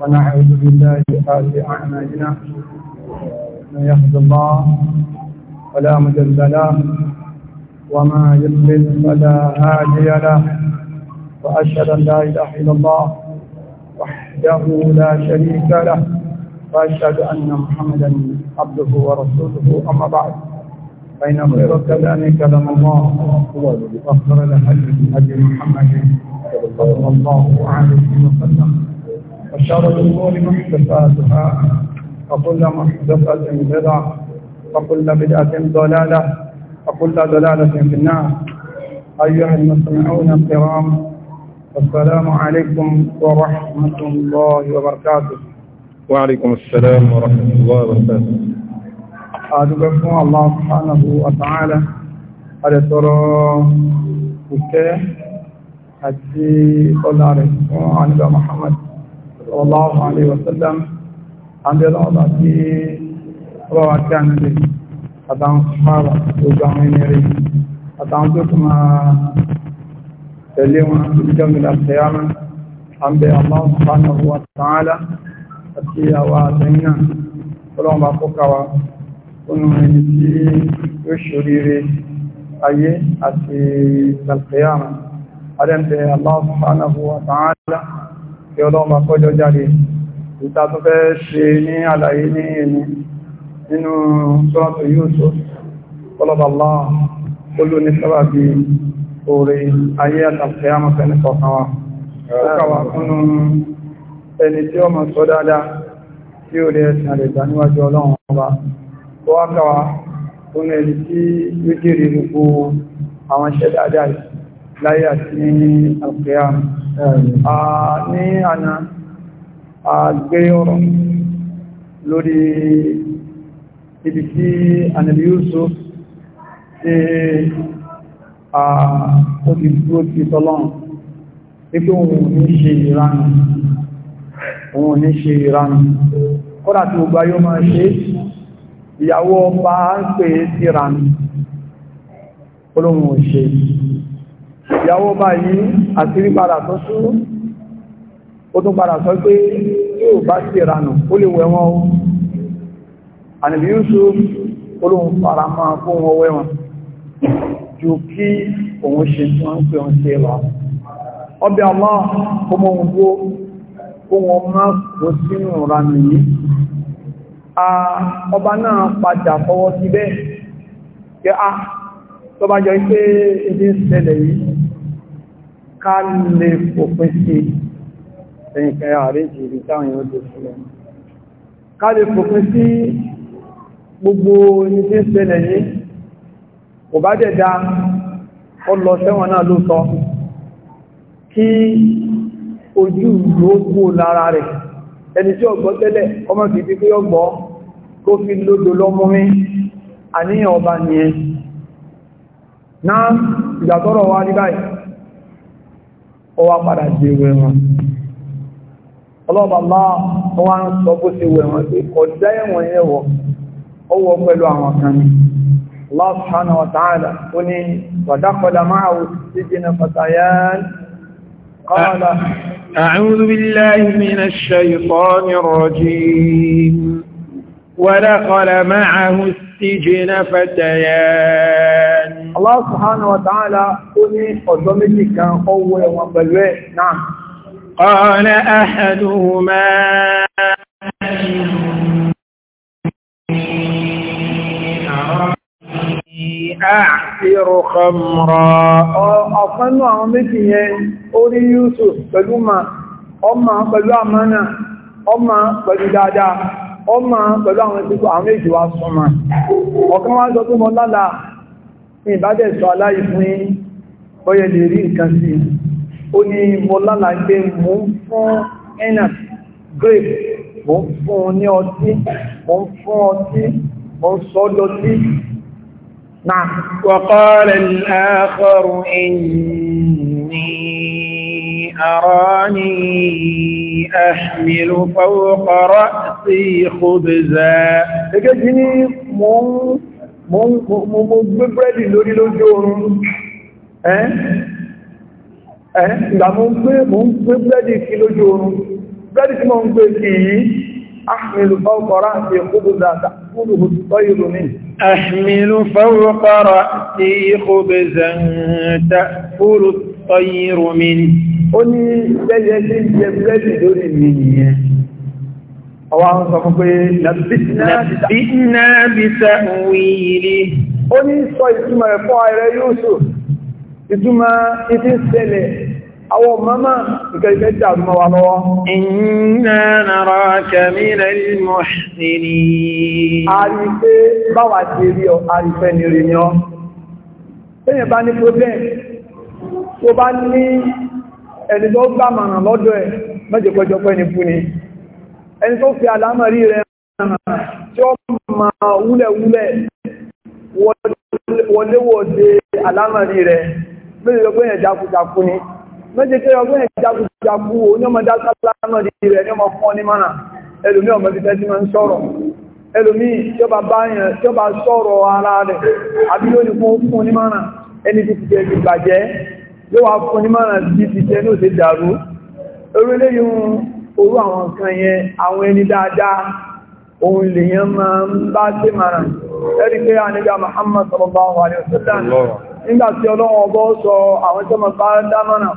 ونعوذ بالله شرور أعمالنا من يهد الله فلا مضل له وما يضلل فلا هادي له وأشهد أن لا إله إلا الله وحده لا شريك له وأشهد أن محمدا عبده ورسوله أما بعد فإن خير الكلام كلام الله وخير الهدي هدي محمد صلى الله عليه وسلم وشر الأمور محدثاتها وكل محدثة بدعة وكل بدعة ضلالة وكل ضلالة في النار أيها المستمعون الكرام السلام عليكم ورحمة الله وبركاته وعليكم السلام ورحمة الله وبركاته àdúgbẹ́ fún Allah subhanahu wa ta'ala àdẹ̀sọ̀rọ̀ ìkẹ́ àti ọlá rẹ̀ fún àníbà Muhammad sallallahu alaihi wasallam àndẹ́lọ́ọ̀lá tí ọlọ́wà kí a nílé àtàwọn sọ́fàrà gbogbo àwọn ẹni rẹ̀ àtàwọn tó kú máa tẹ̀lé Allah subhanahu wa ta'ala àti àwọn àtẹ̀yìn náà ọlọ́wà kọ́kàwà olùrin tí ó ṣoríire ayé àti alkiyama adẹ́mtẹ̀ Allah subhanahu wa ta'ala kí ọlọ́mà kọjọ jáde ìta tó fẹ́ ṣe ní àlàyé ní ẹni nínú suratu Yusuf ọlọ́bà Allah olú ní sábàbí orí ayé àtàkìyàmà fẹ́ni kọ̀ọ̀kanwà ọkàwà fúnnú ẹni tí wákàwá fún ẹni tí ó jèrè gbogbo àwọn iṣẹ́ dáadáa láyé àti ní àpẹà ní àná àgbé ọ̀rọ̀ lórí ibi tí ànàbí Yusuf tí ó ti dúró ti tọ́lọ́run wípé òun ní ṣe ìranù òun tí gbogbo ayé máa ṣe ìyàwó ọba ń pè é síra ní olóhun òṣè ìyàwó ọba yìí àti rí padà tó sú ó tún padà sọ pé tí ò bá síra nù ó lè wẹ wọn ó ànìbí Yusuf olóhun fara máa kó wọn wẹ wọn ju kí òun ṣe tí wọ́n ń pè wọn sí ẹ̀rọ ọbẹ̀ ọmọ ọmọ òun tó kó wọn má kó sínú ìranù yìí ọba náà padà fọwọ́ sí bẹ́ẹ̀ pé a tó bá jọ pé ibi ń ṣẹlẹ̀ yìí ká lè fòpin sí ẹ̀yìnkẹ́ àríjì ibi táwọn yóò tó sílẹ̀ ká lè fòpin sí gbogbo ibi ń ṣẹlẹ̀ yìí kò bá dẹ̀ da ọ lọ sẹ́wọ̀n náà ló kí ojú ìlú ó gbó lára rẹ̀ ẹni tí ọgbọ́ tẹ́lẹ̀ ọmọ fi fi pé ọgbọ́ kó fi lódò lọ́mú mi àníyàn ọba nìyẹn náà ìgbàtọ́rọ̀ wa ní báyìí ó padà dị ìwẹ̀ ọlọ́ọ̀bà bá ń sọ bó ti wẹ̀ pé kọjá ẹ̀wọ̀n pẹ̀lú àwọn قال أعوذ بالله من الشيطان الرجيم ودخل معه السجن فتيان الله سبحانه وتعالى قولي قدمتي كان قوة وبلوه نعم قال أحدهما أعفر خمرا أفنوا عمتي orí Yusuf pẹ̀lú ma ọmọ pẹ̀lú àmánà ọmọ pẹ̀lú dáadáa ọmọ pẹ̀lú àwọn ẹgbẹ́ àwọn èjì wa sọmọ ọ̀kan wá sọ tó mọ lálà ní ìbádẹ̀ sọ aláì أراني أحمل فوق رأسي خبزا لكجني مو مو مو ببردي لوري لو جورن ẹ́ ẹ́ ìgbà mo ń gbé mo ń gbé búrẹ́dì kí lójú oorun búrẹ́dì tí mo ń gbé kí yìí ahmilu fawqa ra'si khubzan ta'kuluhu at-tayru min ahmilu fawqa ra'si khubzan ta'kuluhu tọ́yìnrò mi ní ó ní jẹ́jẹ́ sí jẹ búrẹ́dì lórí mi nìyẹn ọwá ń sọ fún pé nàbìtìnà bí sẹ́wìlì ó ní sọ ìtumọ̀ ẹ̀fọ́ ààrẹ Yúsúf ìtumọ̀ ìtí ṣẹlẹ̀ àwọn mọ́mọ́ ìkẹ̀kẹ́ jà mọ́ tó bá ní ẹni tó gbà màrà lọ́dọ̀ ẹ̀ mẹ́jẹ̀kọjọ pẹ́ ní fún ni ẹni tó fi àlámọ̀rí rẹ̀ tí ó ma wúlẹ̀wúlẹ̀ wọléwọ̀dé àlámọ̀rí rẹ̀ mẹ́jẹ̀kọjọ pẹ́ yẹn jákújákú ni mẹ́jẹ̀kọjọ pẹ́ yẹn jákújákú oníọmọdá sálámọ̀rí rẹ̀ ní ọmọ ẹlòmí tí ó bá báyàn tí ó bá sọ̀rọ̀ ara rẹ̀ àbí yóò ní fún fún ní màrà ẹni tí ti jẹ́ yóò wá fún nímọ̀ràn bí ti tẹ́ ní òṣè dàrú orílẹ̀ yìí orú àwọn nǹkan yẹn àwọn ẹni dáadáa ohun lèyàn máa ń bá sí mara ẹ̀rí pé a nígbà Muhammad sallallahu alaihi wasallam nígbàtí ọlọ́wọ́ ọgbọ́ sọ àwọn tó máa bá dámọ́nà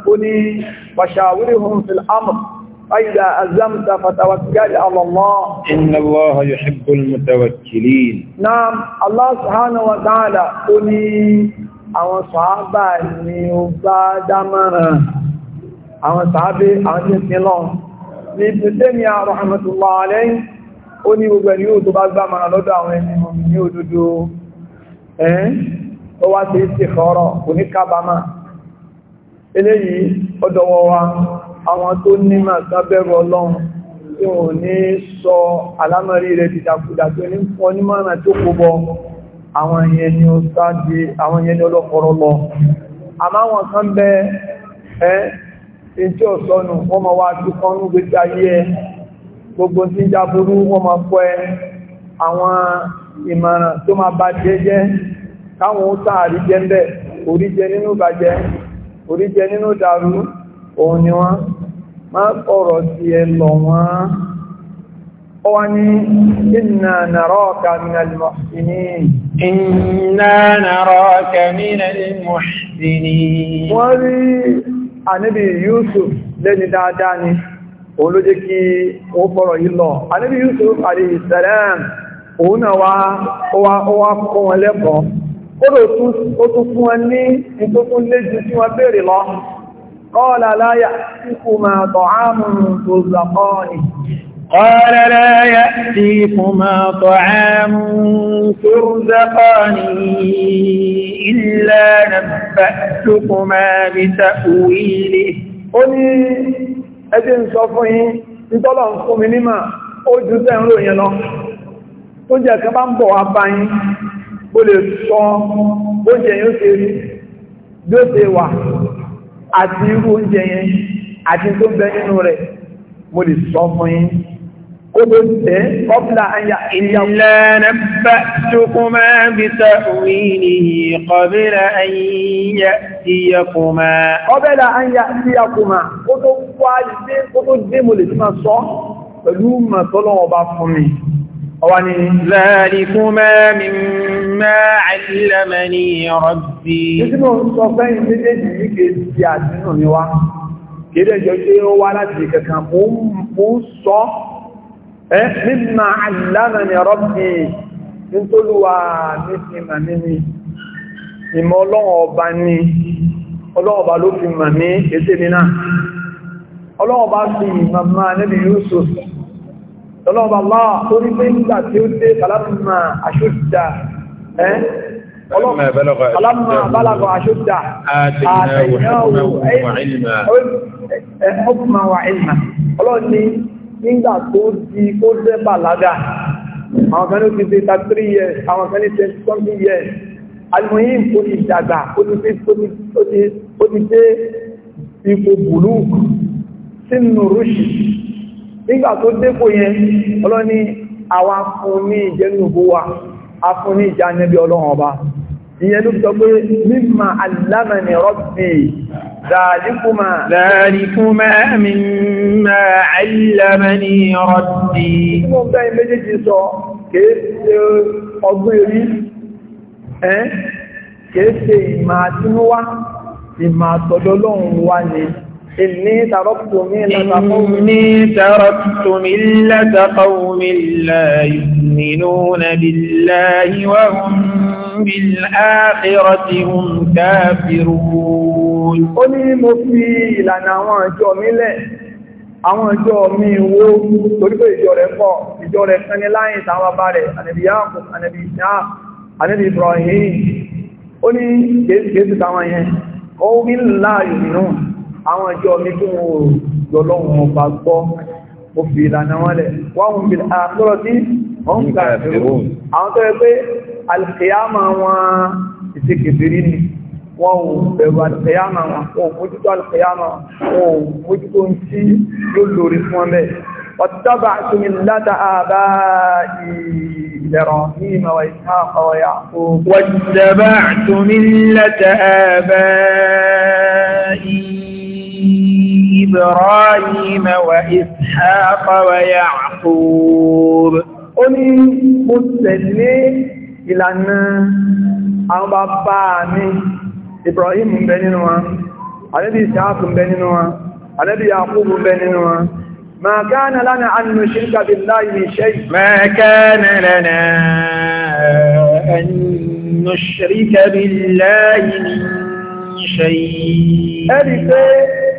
فإذا أزمت فتوكل على الله إن الله يحب المتوكلين نعم الله سبحانه وتعالى قني àwọn sàábà ni ó bá dámọ̀ràn àwọn sàábé àwọn tí ó ti lọ ní ibùdé ni àrọ̀ àmàtùlọ alẹ́yìn ó ní gbogbo ẹni yóò tó bá gbámọ̀ràn lọ́dọ̀ àwọn ẹni mọ̀mí ní òdodo ẹ́n ó wá ní kábàámà alámọ̀rí rẹ̀ ti dàkúdà tó ní fọ́ tó kó bọ́ àwọn yẹn ni ó sáájé àwọn yẹn ni ọlọ́pọ̀rọ̀ lọ àmá wọn kan bẹ ẹ́ sọ́nù wọ́n ma wá tí kan ní gbèsè ayé ẹ gbogbo tí ń jáburú wọ́n ma kọ́ ẹ àwọn ìmọ̀ràn tó ma bá jẹ́jẹ́. káwọn ó sáàrí jẹ́ nínú bàjẹ́ أواني إنا نراك من المحسنين إنا نراك من المحسنين وري النبي يوسف لن داداني olójékí ó fọ́rọ̀ yìí lọ. Ànábì Yusuf alayhi salam, òun náà wá kọ́ wọn lẹ́kọ̀ọ́. Ó tún fún wọn ní ìtókún léjì tí wọ́n bèèrè lọ. Qala la ya'tikuma ta'amun turzaqani قال لا يأتيكما طعام ترزقانه إلا نبأتكما بتأويله قل أجن صفه ìtọ́lọ̀ ń fún mi nímà ó jù tẹ́rù yẹn lọ tó jẹ́ kan bá ń bọ̀ abáyín ó lè sọ oúnjẹ yóò ṣe rí bí ó ṣe wà àti irú oúnjẹ yẹn àti tó bẹ nínú rẹ̀ mo lè sọ fún yín kódó tẹ́ kọ́pìlà àyà ìyàwó. ìlànà bá tukuma bí sàwí ni kọ́bílà àyíyà ìyàkùnmá. kọ́bílà àyà ìyàkùnmá kódó wáyé kódó dé mo lè ti máa sọ pẹ̀lú màtọ́lọ́wọ́ bá fún mi. وعن ذلكما مما علمني ربي Kéde ìjọ ṣe ó wá láti kankan mú sọ mímọ̀ àìlànà rọ́bì nítòlúwà ní fi mà nínú ìmọ̀ ọlọ́run ọba ní ọlọ́run ọba ló fi mà ní ètè nínà ọlọ́run ọba fi ìmọ̀ máa níbi Yusuf ọlọ́run ọba máa tó ní pé nígbà tí ó dé kàlámà nígbà tó di ó jẹ́ bàlágà àwọn kan ní ti di ta three years àwọn kan ní ti something years alimoyin ó ti dàgbà ó ti dé ipò bùlù sínú rúṣì nígbà tó dépò yẹn ọlọ́ni àwọn afún ní ìjẹ́nubó wa afún ní ìjánẹ́bí ọlọ́run ọba ìyẹn ló sọ pé mímọ̀ alámẹ̀ni rọ́bì dáadíkúmà dáadíkúmà mímọ̀ alámẹ̀ni rọ́bì mú bẹ́ẹ̀ méjèèjì sọ kéèsè ọgbẹ̀rí ẹ́ kéèsè ìmà àtinúwá ìmà àtọ̀dọ́lọ́hun wá ni Inni tàrọ́pù mílẹ̀ tàkọ́ بالآخرة هم كافرون ó ní mo fi ìlànà àwọn ìjọ mi lẹ̀ àwọn ìjọ mi wo torí pé ìjọ rẹ̀ pọ̀ ìjọ rẹ̀ kan ní láyìn tàwọn bá rẹ̀ ànàbí yáàkù ànàbí ìṣáà ànàbí Ibrahim ó fi ìlànà wọn lẹ̀ wọ́n bí àkọ́rọ̀ tí wọ́n ń kàfẹ́rún àwọn tó yẹ pé alìkìyàmà wọn ìsìnkèfèrí ni wọ́n ò bẹ̀rù alìkìyàmà wọn wọ́n mójútó alìkìyàmà wọn mójútó ń tí ló lórí fún ọmọ ẹ̀ ọ̀tọ́bà àtúnmí látà àbá إبراهيم وإسحاق ويعقوب واتبعت ملة آبائي إبراهيم وإسحاق ويعقوب أني مسلي إلى أن أباباني إبراهيم بنينوا النبي إسحاق بنينوا النبي يعقوب بنينوا ما كان لنا أن نشرك بالله شيء ما كان لنا أن نشرك بالله من شيء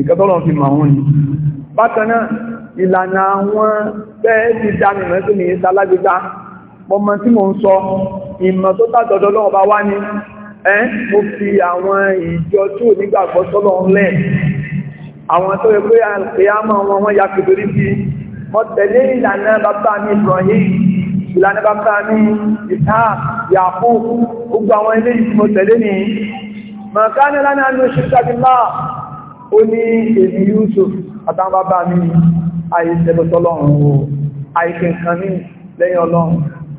ìkẹtọ́lọ̀ fi mọ̀ wọn ni bákaná ìlànà àwọn bẹ́ẹ̀ ti dáni mẹ́ tó ní ìsálágbégbá ọmọ tí mo ń sọ ìmọ̀ tó tàtọ̀dọ̀ lọ́wọ́ bá wá ní ẹ́ mo fi àwọn ìjọ tí ò nígbàgbọ́ sọ́lọ́ ńlẹ̀ àwọn tó yẹ pé àkíyàmọ̀ wọn ya kìtorí sí wọ́n tẹ̀lé ìlànà bàbá mi Ibrahim ó ní èmi Yusuf àtàwọn bàbá mi àìsẹ̀bọ̀tọ́lọ́run o àìkẹ̀kan ní lẹ́yìn ọlọ́run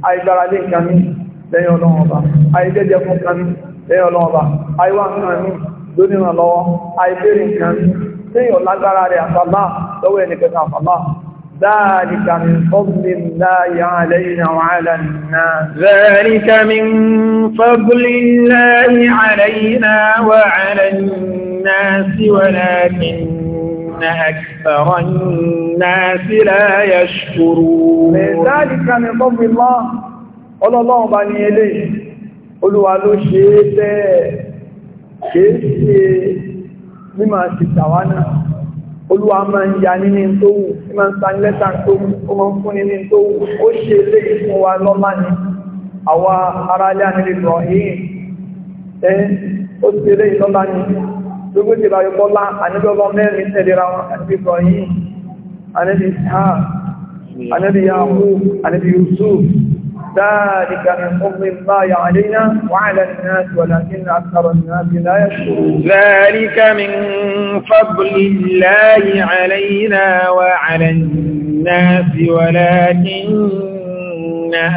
àìgbáralé kan ní lẹ́yìn ọlọ́run ọba àìjẹ́jẹ́ fún kan ní lẹ́yìn ọlọ́run ọba àìwá kan ní lónìrànlọ́wọ́ àìbéèrè kan ní ذلك من فضل الله علينا وعلى الناس ذلك من فضل الله علينا وعلى الناس ولكن أكثر الناس لا يشكرون ذلك من فضل الله ọlọ́lọ́run bá ní ilé olúwa ló ṣe é bẹ́ẹ̀ ṣe é ṣe mímọ̀ àti tàwánà olúwa máa ń ya nínú tó wù ní máa ń sa nílẹ́ta tó wù ó máa ń fún nínú tó wù ó ṣe lé fún wa lọ́mà ní àwa aráalé ànílẹ̀ Ibrahim ẹ́ ó ṣe lé ìlọ́lá ní gbogbo ti báyọ̀ kọ́lá àníbọ̀bọ̀ mẹ́rin tẹ̀lera wọn àti Ibrahim àníbi ذلك من فضل الله علينا وعلى الناس ولكن أكثر الناس لا يشكرون ذلك من الله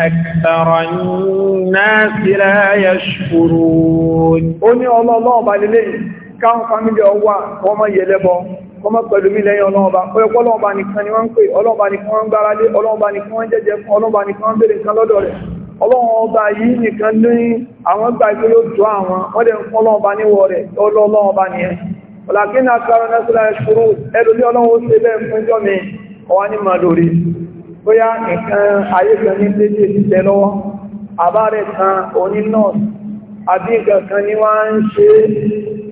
أكثر الناس لا يشكرون الله الله بالليل káwọn fámílì ọwà ọmọ yẹlẹ́bọ ọmọ pẹ̀lú mi lẹ́yìn ọlọ́ọ̀bá ọyọ́pọ̀ ọlọ́ọ̀bá nìkan ni wọ́n ń pè ọlọ́ọ̀bá nìkan wọ́n gbára lé ọlọ́ọ̀bá nìkan wọ́n jẹ́jẹ́ fún ọlọ́ọ̀bá nìkan wọ́n bèèrè nǹkan lọ́dọ̀ rẹ̀ ọlọ́ọ̀bá yìí nìkan ní àwọn gbà pé ló àwọn wọ́n dẹ̀ ń fún ọlọ́ọ̀bá níwọ̀ rẹ̀ ọlọ́ọ̀bá nìyẹn nẹ́sílá ọlọ́wọ́ ṣe bẹ́ẹ̀ fún mi ọwá ní màá lórí bóyá nǹkan ayé kan ní lọ́wọ́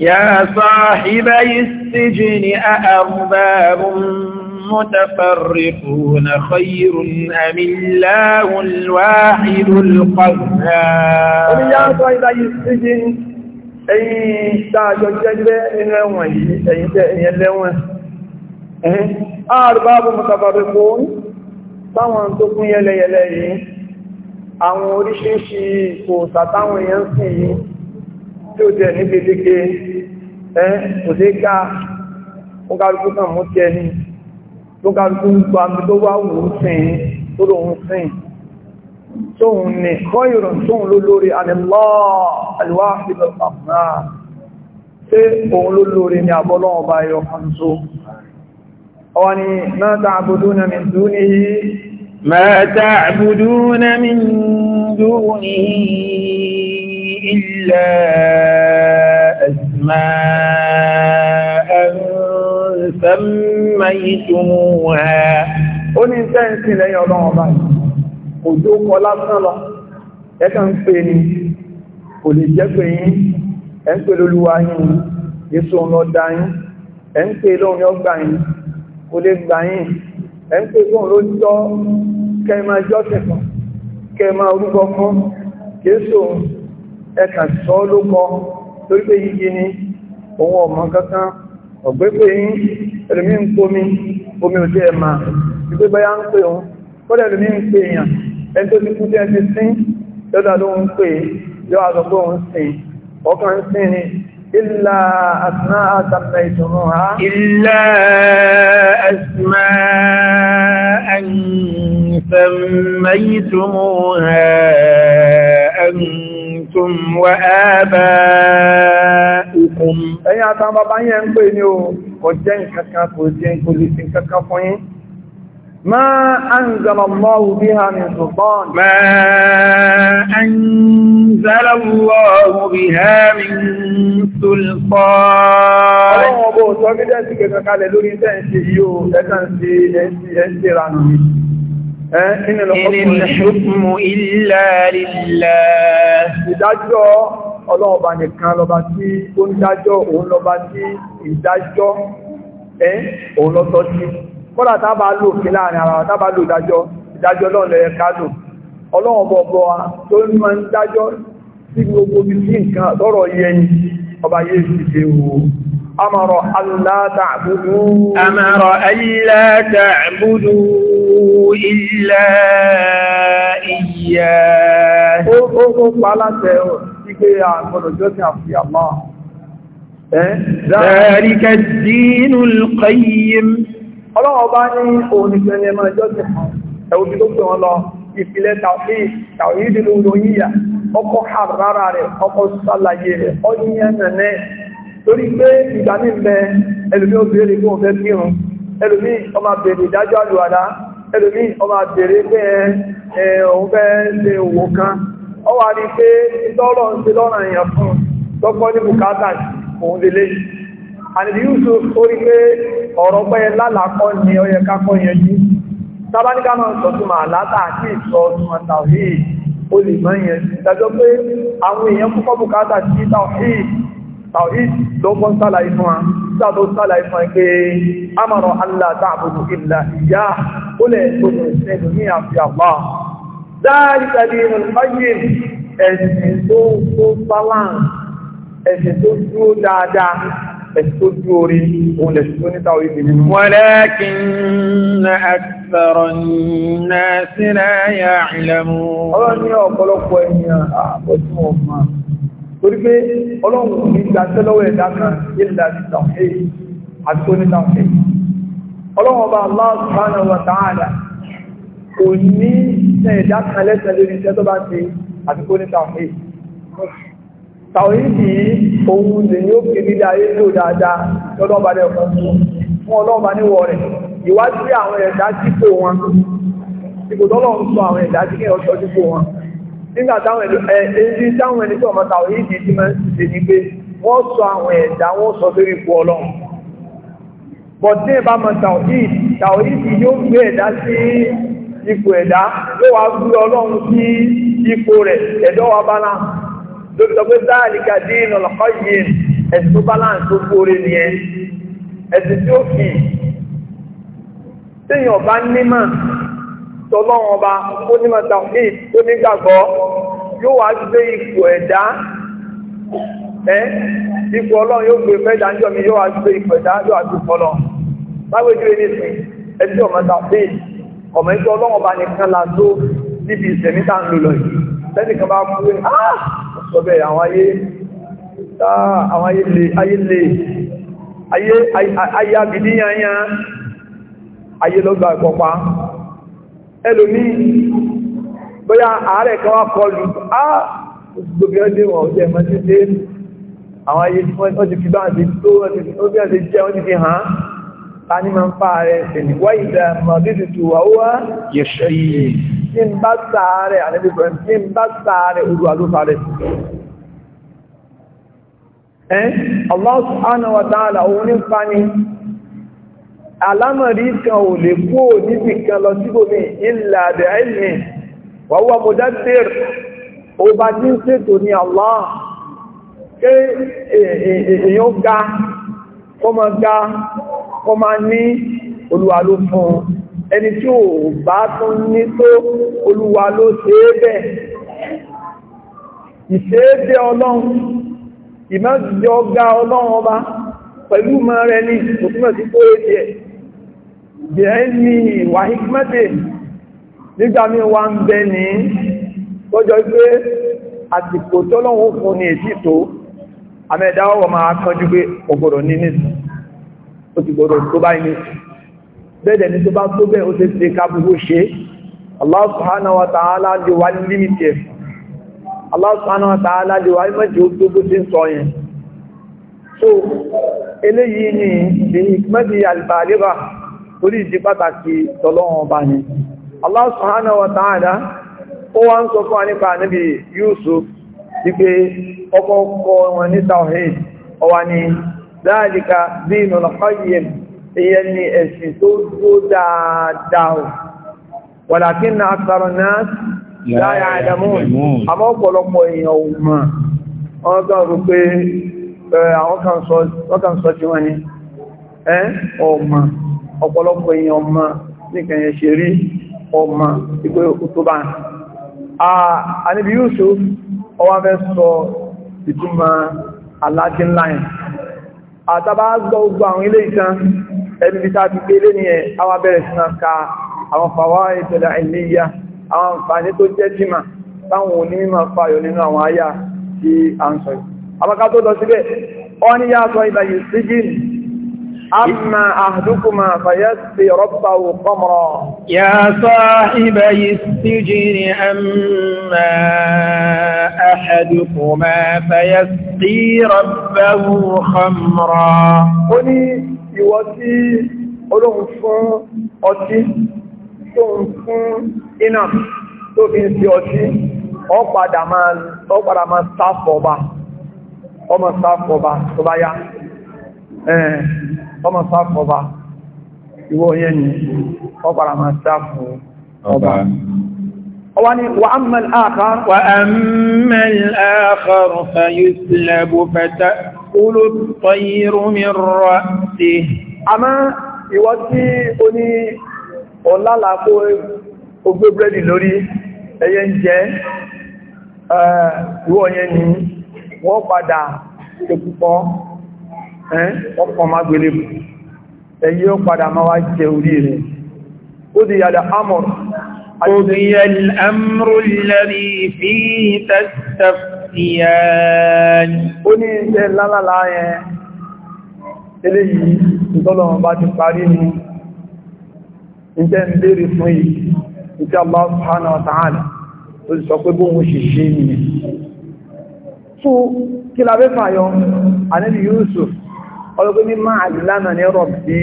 يا صاحبي السجن أأرباب متفرقون خير أم الله الواحد القهار يا صاحبي السجن أي تاجو جدبة إنوان أي تأني اللوان أرباب متفرقون táwọn tó kún yẹlẹyẹlẹ yìí àwọn oríṣiríṣi kò sàtàwọn tí ó tẹ̀ ní gbèdéke ẹ́ kò sí ká ó kálukú náà mú tẹ ní tó kálukú ń gba mi tó wá wù ú sìn tó lòun sìn tóun ní kọ́ ìrùn tóun ló lórí àlèlọ́ àlùwá ìlú ما تعبدون من دونه إلا أسماء سميتموها ó ní sẹ́ǹsì lẹ́yìn ọlọ́run báyìí òjò kọ lásán lọ ẹ̀kà ń pè ní kò lè jẹ́ pé yín ẹ̀ ń pè lólúwa yín yéṣu ọ̀nà ọ̀dá yín ẹ̀ ń pè lóhun yọ gbà yín kò lè gbà yín ẹ̀ ń pè lóhun ló jọ́ kẹ́ máa jọ́ tẹ̀kàn kẹ́ máa orúkọ kan yéṣu ọ̀hún ẹkà sọ ló kọ torí pé yíyí ni ohun ọmọ kankan ọ̀gbẹ́ pé yí ẹlùmí ń pómi omi òjò ẹ̀mà ìgbé báyá ń pè òun kọ́lẹ̀ ẹlùmí ń pè èèyàn ẹni tó ti kú jẹ́ ti sín lọ́dà ló ń pè yọ àgbọ̀gbọ̀ òun sìn ọkàn ń sìn ni إلا أسماء سميتموها إلا أسماء سميتموها أن أنتم وآباؤكم أي أتام بابا ينبي نيو كجن كاكا كجن كلسين كاكا فين ما أنزل الله بها من سلطان ما أنزل الله بها من سلطان أنا أبو سوكي جنسي كاكا لوري تنسي يو تنسي تنسي تنسي رانو إن الحكم ìdájọ́ ọlọ́ọ̀bà nìkan lọba tí ó ń dájọ́ òun lọba tí ìdájọ́ ẹ́ òun lọ́tọ́ sí kọ́lá tábà lò kí láàrin ara tábà lò ìdájọ́ lọ́lẹ̀ ọba yé ṣiṣẹ́ wo amọ̀rọ̀ alátàbùdú amọ̀rọ̀ alátàbùdú ilẹ̀ ìyẹ́ ó pa aláṣẹ ìgbé àgbọ̀dọ̀ jọ́sìn àfi àmà ذلك الدين القيم ọlọ́wọ́ bá ní òun ìgbẹ̀rẹ̀ ẹmọ ìjọ́sìn ẹ̀wọ̀n tó gbọ́n lọ ìpìlẹ̀ tàwíìdì lóyíyà ọkọ̀ àrárá rẹ̀ ọkọ̀ sálàyé rẹ̀ ọdíyànnẹ̀ torí pé ìgbà ní ìbẹ̀ ẹlòmí obìnrin kí wọ́n fẹ́ kírun ẹlòmí ọmọ bèèrè ìdájọ́ àlùwàdá ẹlòmí ọmọ bèèrè pé òun fẹ́ ṣe òwò kan ọ wà ní pé lọ́rọ̀ ń ṣe lọ́rọ̀ èèyàn fún lọ́pọ̀ ní bùkátà òun lè léyìí àníbi yusuf pé ọ̀rọ̀ pẹ́ lálàkọ́ ni ó kọ́ yẹn jú tábáníkà máa ń sọ sí màá látà àti ìsọ ọdún àtàwí o lè mọ́ yẹn dájọ́ pé àwọn èèyàn púpọ̀ bùkátà sí tàwí lọ́pọ̀ sálàyé fún wa sísà tó sálàyé fún wa pé amọ̀rọ̀ allah ta'budu illa ìyá ó lẹ̀ tó lè ṣe é ní àfi àpá dáàríkà ní ìrìnlẹ́yìn ẹ̀sìn tó balance ẹ̀sùn ojú orí òun lẹ̀sùn tó ní ọ̀pọ̀lọpọ̀ ènìyàn àbọ̀tún ọlọ́run ọba Allah subhanahu wa kò ní ẹ̀dá kan lórí iṣẹ́ tó bá ti àti tó ní tàwé. tàwíìdì ohun lè ní ó fi rí ayé tó dáadáa lọ́dọ́ba rẹ̀ fún fún ọlọ́ọ̀bá níwọ̀ rẹ̀ ìwádìí àwọn ẹ̀dá dípò wọn ipò ń sọ àwọn ẹ̀dá dípò ọjọ́ dípò wọn nígbà táwọn ẹni tó ọmọ máa ń ṣe ní pé wọ́n sọ àwọn ẹ̀dá wọ́n sọ sórí ipò ọlọ́run bọ̀dé bá mọ yóò gbé ẹ̀dá sí ipò lórí sọ pé dáàlìkà dín ọlọ́kọ́ yìí ẹ̀sìn tó balance tó gbóore nìyẹn ẹ̀sìn tí ó fi téèyàn ọba nímọ̀ tọ́lọ́wọ́n ọba ó nímọ̀ tàbí tó nígbàgbọ́ yóò wá gbé ipò ẹ̀dá ẹ́ ipò ọlọ́run yóò gbé fẹ́dà ní ọmọ yóò wá gbé ipò ẹ̀dá yóò àti fọ́lọ́ láwéjú ẹnìsìn ẹtí ọmọ tàbí ọmọ ẹgbẹ́ ọlọ́run ọba nìkan la tó níbi ìsẹ̀mítà ń lò lọ yìí lẹ́nìkan bá kú sọ bẹ́ẹ̀ àwọn ayé táà àwọn ayé lè ayé abìdíyànyà ayé lọ́gbà ìpọpa ẹlòmí bóyá ààrẹ kan wá kọlù á gbogbo ọdún wọn ọjọ́ ẹ̀mọ́ títẹ́ àwọn ayé wọ́n ti fi bá àti tó wọ́n ti fi hàn tani máa ń fa ààrẹ ìsìnì wáyìdá mọ̀lídìdì wàhúwá yẹ̀ṣẹ̀yì tí ń bá sáàrẹ̀ àníbìbìrìn tí ń bá sáàrẹ̀ olúwa ló sáàrẹ̀ ẹ́n Allah subhanahu wa ta'ala òun ní fani alámọ̀rí kan ò lè kó níbi kan lọ síbòmí illa bi ilmi wa huwa mudabbir kí èèyàn ga kó mọ ga kó máa ní olúwa ló fún ẹni tí ò bá tún ní tó olúwa ló ṣeébẹ̀ ìṣeébẹ̀ ọlọ́run ìmọ́jọ ga ọlọ́run ọba pẹ̀lú mọ́ rẹ ní òkúnmọ̀ sí tó èdè ẹ̀ jẹ́ ní ìwà hikmẹ́tẹ̀ nígbàmí wa ń bẹ ní tọ́jọ́ pé àsìkò tọ́lọ́run fún ní ètí tó máa kánjú pé ọgbọ̀rọ̀ ní nìsìn ó ti gbọ́dọ̀ tó báyìí ní bẹ́ẹ̀dẹ̀ ní tó bá tó bẹ́ẹ̀ ó ti ṣe kábúrú ṣe Allah subhanahu wa ta'ala di wá ní límìtì Allah subhanahu wa ta'ala di wá ní mẹ́jì ó tó bó ti ń sọ yẹn so eléyìí ni ní hikmati al wá ń sọ fún ànípa níbi Yusuf wípé ọkọ̀ ọkọ̀ wọn ní tawhid ọwa ni dáàdìka bí ìnànàkọ́ yìí ni ẹ̀sìn tó dúró dáadáa wàlákí na àtàrà náà láyà àdàmú àmọ́ ọ̀pọ̀lọpọ̀ èèyàn ò mọ̀ wọ́n kàn rú pé àwọn kan sọ tí wọ́n ni ẹ́ ọmọ ọ̀pọ̀lọpọ̀ èèyàn ọmọ níkẹyẹ Yusuf àtàbá gbọ́ gbogbo àwọn ilé ìtàn ẹni bí sáà ti gbé lé ní ẹ̀ àwọn abẹ́rẹ̀ sí náà ka àwọn fàwọ́ ìtẹ̀lẹ̀ àìlèyà àwọn àǹfààní tó jẹ́ jìmà táwọn onímọ̀ fàyọ nínú àwọn àyà tí a ń sọ yìí. أما أهدكما فيسقي ربه قمرا يا صاحبي السجن أما أحدكما فيسقي ربه خمرا قل يوتي قلهم فن أتي تون فن إنا تون في أتي أقعد ما أقعد ما صافوبا أما صافوبا صبايا ọmọ sáfọba ìwọ yẹn ni ọpàrà máa sáfọ ọba ọwá ni wà ámà l'áàkàr wà ámà l'áàkàr fayúsìlẹ̀bù fẹ́tà kúlù tọ́yírùmí rọ̀ sí àmá ìwọ tí ó ní ọkàn má gbélé bù ẹ̀yí ó padà máa wá jẹ orí rẹ̀ ó di yàdà amọ̀ الذي فيه تستفتيان ó ní ìṣẹ́ lálàlá yẹn eléyìí ìtọ́lọ̀wọ̀n bá ti parí ní ìjẹ́ ń bèèrè fún yìí ìjẹ́ Allah subhanahu wa ta'ala tó kí la fàyọ Ànábì Yusuf ọlọ́gbé mímá àdìlánà ní ọ̀rọ̀ sí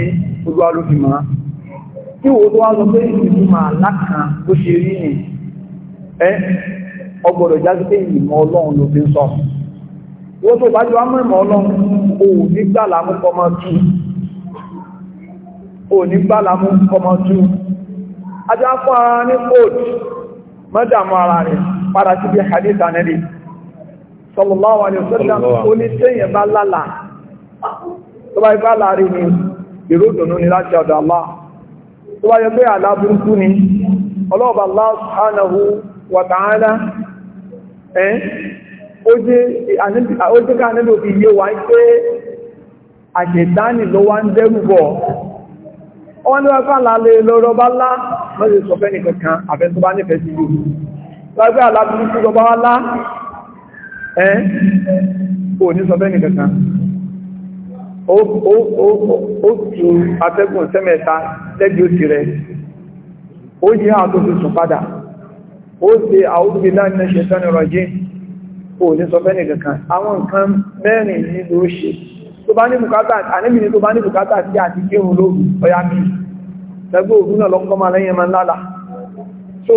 tí wo tó wá lọ pé ìtumọ̀ alákan tó ṣe rí ni ẹ ọgbọ̀dọ̀ jáde pé ìmọ̀ ọlọ́run ló fi ń sọ wọ́n tó bá jọ á ìmọ̀ ọlọ́run ò ní kọmọ tú ò ní kọmọ tú ajá fún ara ní kóòtù mọ́dàmú ara rẹ̀ padà tó bá ipá láàrin ni ìró dùnú ni láti ọ̀dọ̀ tó bá yẹ pé àlá burúkú ni ọlọ́ọ̀bà ó jẹ́ ká nílò fi yé wa pé ló wá ń wọ́n lè lá mọ́sí sọ fẹ́ nìkankan àfẹ́ tó bá sí lá ẹ́ kò ní sọ fẹ́ nìkankan ó tu atẹ́gùn sẹ́mẹ̀ta lẹ́bí ó ti rẹ̀ ó yí àwọn tó fi sùn padà ó ṣe àwúgbé láàrin ṣe sánà rọ̀jí ó ní sọ fẹ́nì kankan àwọn nǹkan mẹ́rin ní ló ṣe tó bá ní bùkátà àníbìnrin tó bá ní bùkátà sí àti kéhùn ló ọya so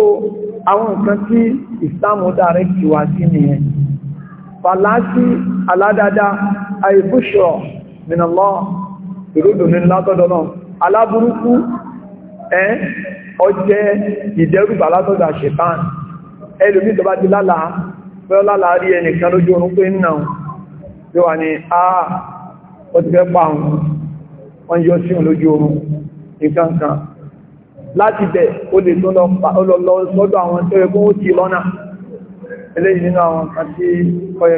àwọn nǹkan tí Islam direct wá sí nìyẹn fàlásí aládádá àìbúṣọ̀ minallah ìrúdù ní látọ́dọ̀ náà aláburúkú ẹ́ ọjẹ́ ìdẹ́rùbà látọ́dọ̀ àṣẹ̀tàn ẹlòmí tó bá ti lálà fẹ́ lálà rí ẹnìkan lójú orun pé náà tí wà ní àà ó ti fẹ́ pàun wọ́n yọ sí lójú orun nǹkankan láti bẹ̀ ó lè tó lọ sọ́dọ̀ àwọn tó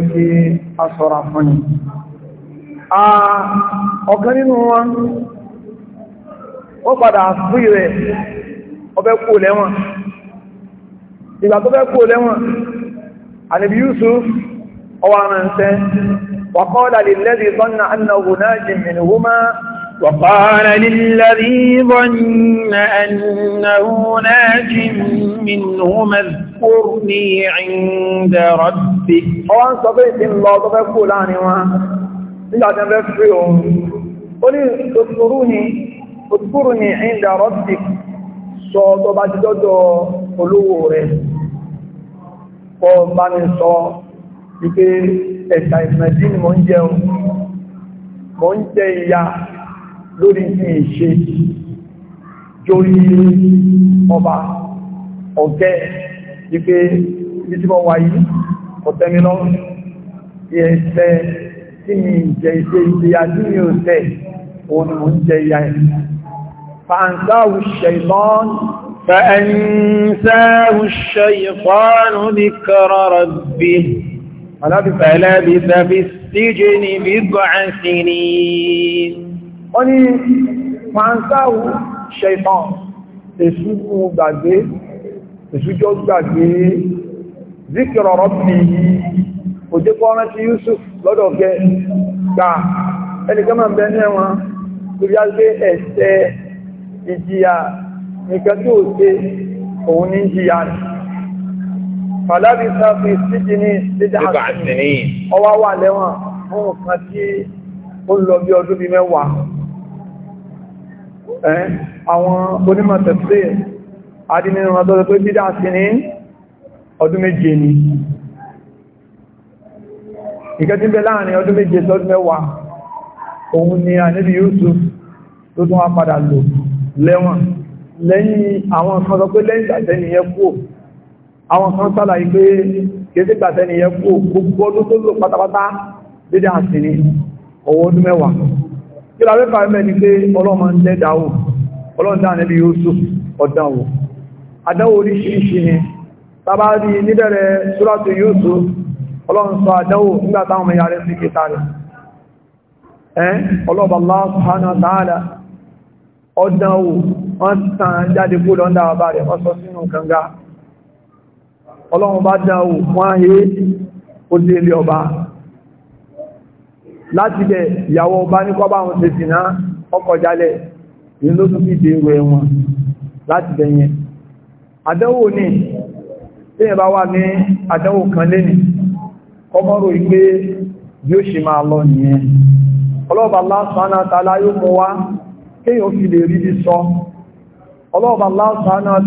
kí a ṣọ́ra fún ni ọ̀kan nínú wọn wọ́n padà fún rẹ̀ ọbẹ̀ kò lẹ́wọ̀n ìgbà tó bẹ́ kò lẹ́wọ̀n àníbí Yusuf ọwà rẹ̀ وقال للذي ظن أنه ناج منهما وقال للذي ظن أنه ناج منهما اذكرني عند ربك وان صبيت الله تبكوا لاني nígbàtí ẹgbẹ́ fi ohun ó ní ni òtúrú ni ìdá rọ́bì sọ tó bá ti dọ́dọ̀ olówó rẹ̀ kọ bá ní sọ wípé ẹ̀ka ìmẹ̀dí ni mo ń jẹun mo ń jẹ ìyá lórí ti ìṣe tí mi jẹ ìṣe ìṣìyà tí mi ò tẹ̀ òun mò jẹ ìyà ẹ̀ fàǹsáwù ṣẹ̀tọ́n فأنساه الشيطان ذكر ربه فلبث في السجن بضع سنين wọ́n ni fàǹsáwù ṣẹ̀tọ́n èṣù mú gbàgbé èṣù jọ gbàgbé ذكر ربه òjé kọ́rán ti Yusuf lọ́dọ̀ gẹ gbà ẹnìkan máa bẹ ní ẹ̀wọ̀n torí á gbé ẹ̀ṣẹ̀ ìjìyà nìkan tí ó ṣe òun ní jìyà rẹ̀ fàdábì sáfì síjì ní síjà ọwá wà lẹ́wọ̀n fún nǹkan tí ó lọ bí ọdún bí mẹ́wàá àwọn onímọ̀ tẹ̀sí adínínú ọdọ́dọ́ pé dídá sí ní ọdún méje ni ìkẹ́ tí bẹ láàrin ọdún méje sọ́dún mẹ́wàá òun ni ànábì Yusuf tó tún wá padà lò lẹ́wọ̀n lẹ́yìn àwọn kan sọ pé lẹ́yìn ìgbàtẹ́ni yẹ kú àwọn kan sálàyé pé kéèsì ìgbàtẹ́ni yẹ kú gbogbo ọdún tó lò pátápátá dédé àsìní ọwọ́ ọdún mẹ́wàá kí la mẹ́ ni pé ọlọ́mọ ń ọlọ́run Yusuf oríṣiríṣi ni níbẹ̀rẹ̀ ọlọ́run sọ àdánwò nígbà ọmọ yàrá sí kìtà rẹ̀ ẹ́n ọlọ́bà Allah subhanahu wa ta'ala ọdánwò wọ́n tàn jáde kó lọ́ndà bàbá rẹ̀ wọ́n sọ sínú kànga ọlọ́run bá dánwò wọ́n hé ó dé ilé ọba láti bẹ̀ ìyàwó ọba ní kọ́bá wọn ti sì náà ọkọ̀ jálẹ̀ yìí ló tún fìdí ìwé wọn láti kọmọ́rò ìpé bí ó ṣe máa lọ nìyẹn ọlọ́ọ̀bà Allah subhanahu yóò mú wá kéyàn fi lè rí bí sọ ọlọ́ọ̀bà Allah subhanahu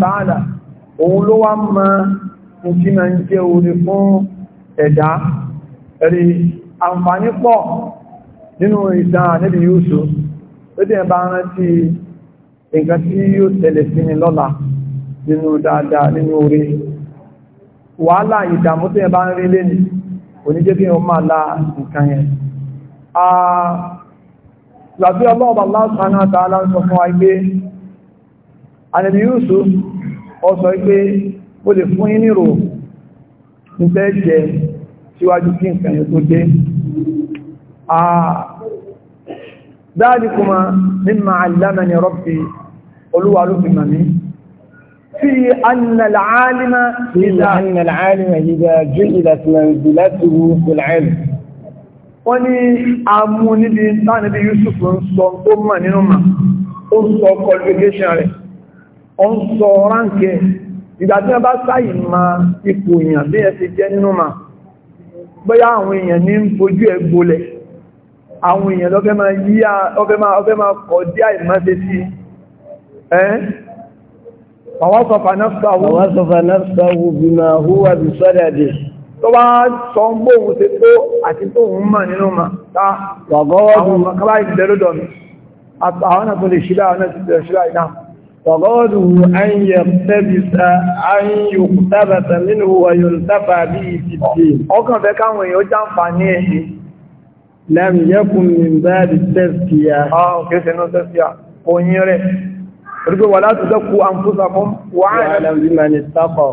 òun ló wá mọ́ ìtí na ń jẹ́ orí fún ẹ̀dá rí àǹfààní pọ̀ nínú ìtàn níbi tí bá ń oníjẹ́ bí wọ́n máa la nǹkan yẹn lábí ọlọ́ọ̀bà lásán àtàlá ń sọ fún wa pé anìlì yúùsù ọsọ pé ó lè fún yín nírò nígbẹ́ jẹ síwájú kí nǹkan yẹn tó dé dáadìkùnmá mímọ̀ àlámẹ́ni rọ́pì olúwa ló fi في أن العالم إذا أن العالم إذا جئلت منزلته في العلم wọ́n ní amúnibí tánibí Yusuf ń sọ ó mọ̀ nínú ma ó sọ qualification rẹ̀ ó ń sọ ránkẹ́ ìgbà tí wọ́n bá sáyì ma ipò èèyàn bí ẹ ti jẹ́ nínú ma bóyá àwọn èèyàn ní ń fojú ẹ gbolẹ̀ àwọn èèyàn lọ́fẹ́ máa kọ̀ dí àìmáṣe sí ẹ́ فوصف نفسه فوصف نفسه بما هو بصدده tó bá sọ ń gbóhun ṣe tó àti tó ń mọ̀ nínú ma ta àwọn makaba ìdẹ̀ lọ́dọ̀ mi àwọn àpò lè ṣílá àwọn àpò ṣílá ìdá ọgọ́dù ayẹ tẹ́bìsá ayẹ tẹ́bàtà nínú ayọ̀ tẹ́bà bí i ti tẹ́ ọkàn Orígbé wà láti zẹ́kù àǹfúsà fún wà áìlẹ̀bìmọ̀ni tàkọ̀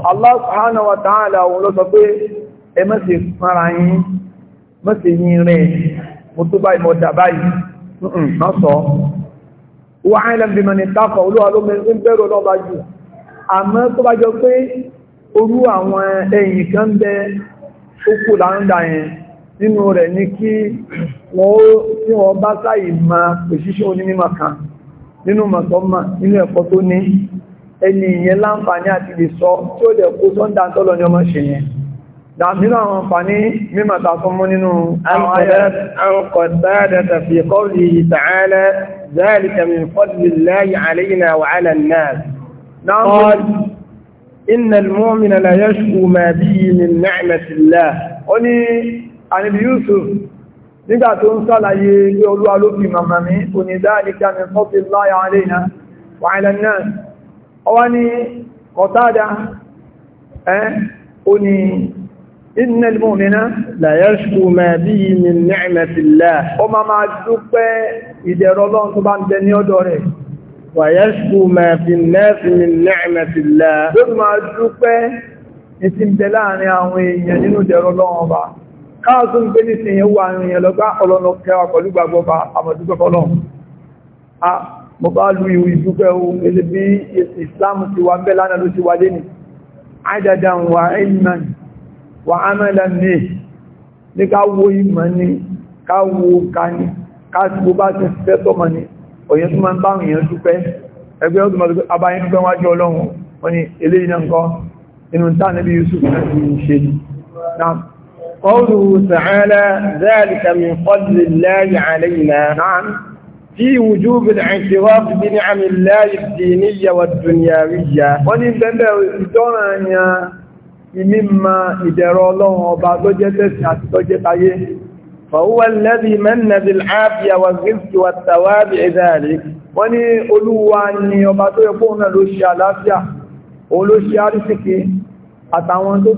olúwa ló mẹ́rin bẹ̀rù ọlọ́ba jù. Àmọ́ tó bá jọ pé orú àwọn ẹ̀yìn kan bẹ ókù láńdà yẹn nínú rẹ̀ ní kí wọ́n bá sáyì máa pèsíṣẹ́ onímọ̀ kan nínú mọ̀sánmà nínú ẹ̀kọ́ tó ní ẹni ìyẹn láǹfààní àti lè sọ tí ó lẹ̀ kó sọ́ndà ní ọmọ ṣe yẹn nínú àwọn àǹfààní mímọ̀ta fún mú nínú àwọn ayẹ́ إن المؤمن لا يشكو ما به من نعمة الله. Ó ní, Ànábì nígbà tó ń sàlàyé ilé olúwa ló fi màmà mi onídá ìjámi fọ́fí láyà aléìná wàhálà náà ọwá ní kọ̀tádá ẹ́ o ní innal mu'mina la yashku ma bihi min ni'matillah ó ma máa dúpẹ́ ìdẹ̀rọ Ọlọ́run tó bá ń káàkiri pé ní sin yẹn wà ìrìnyàn lọ́gbá ọlọ́nà kẹwà pẹ̀lú gbàgbọ́ bá àmọ̀dúgbẹ́ a mọ̀ bá lu ìwò ìdúpẹ́ ohun ilé bí Islam ti wà bẹ́ lánàá ló ti wà lẹ́nì àìdàdàn wà ilman wà amalan ní ní ká wo ìmọ̀ ní ká wo ká ní ká sí ń bá èèyàn ni eléyìí náà ń kọ́ inú táà Yusuf náà ti ń ṣe náà قوله تعالى ذلك من فضل الله علينا نعم في وجوب الاعتراف بنعم الله الدينية والدنيوية ونبدأ الدنيا مما إدارة الله وبعض فهو الذي من بالعافية والغفت والتوابع ذلك ونقولوا أن يبطوا يكون الوشي العافية olóṣì àríṣìkí àtàwọn tó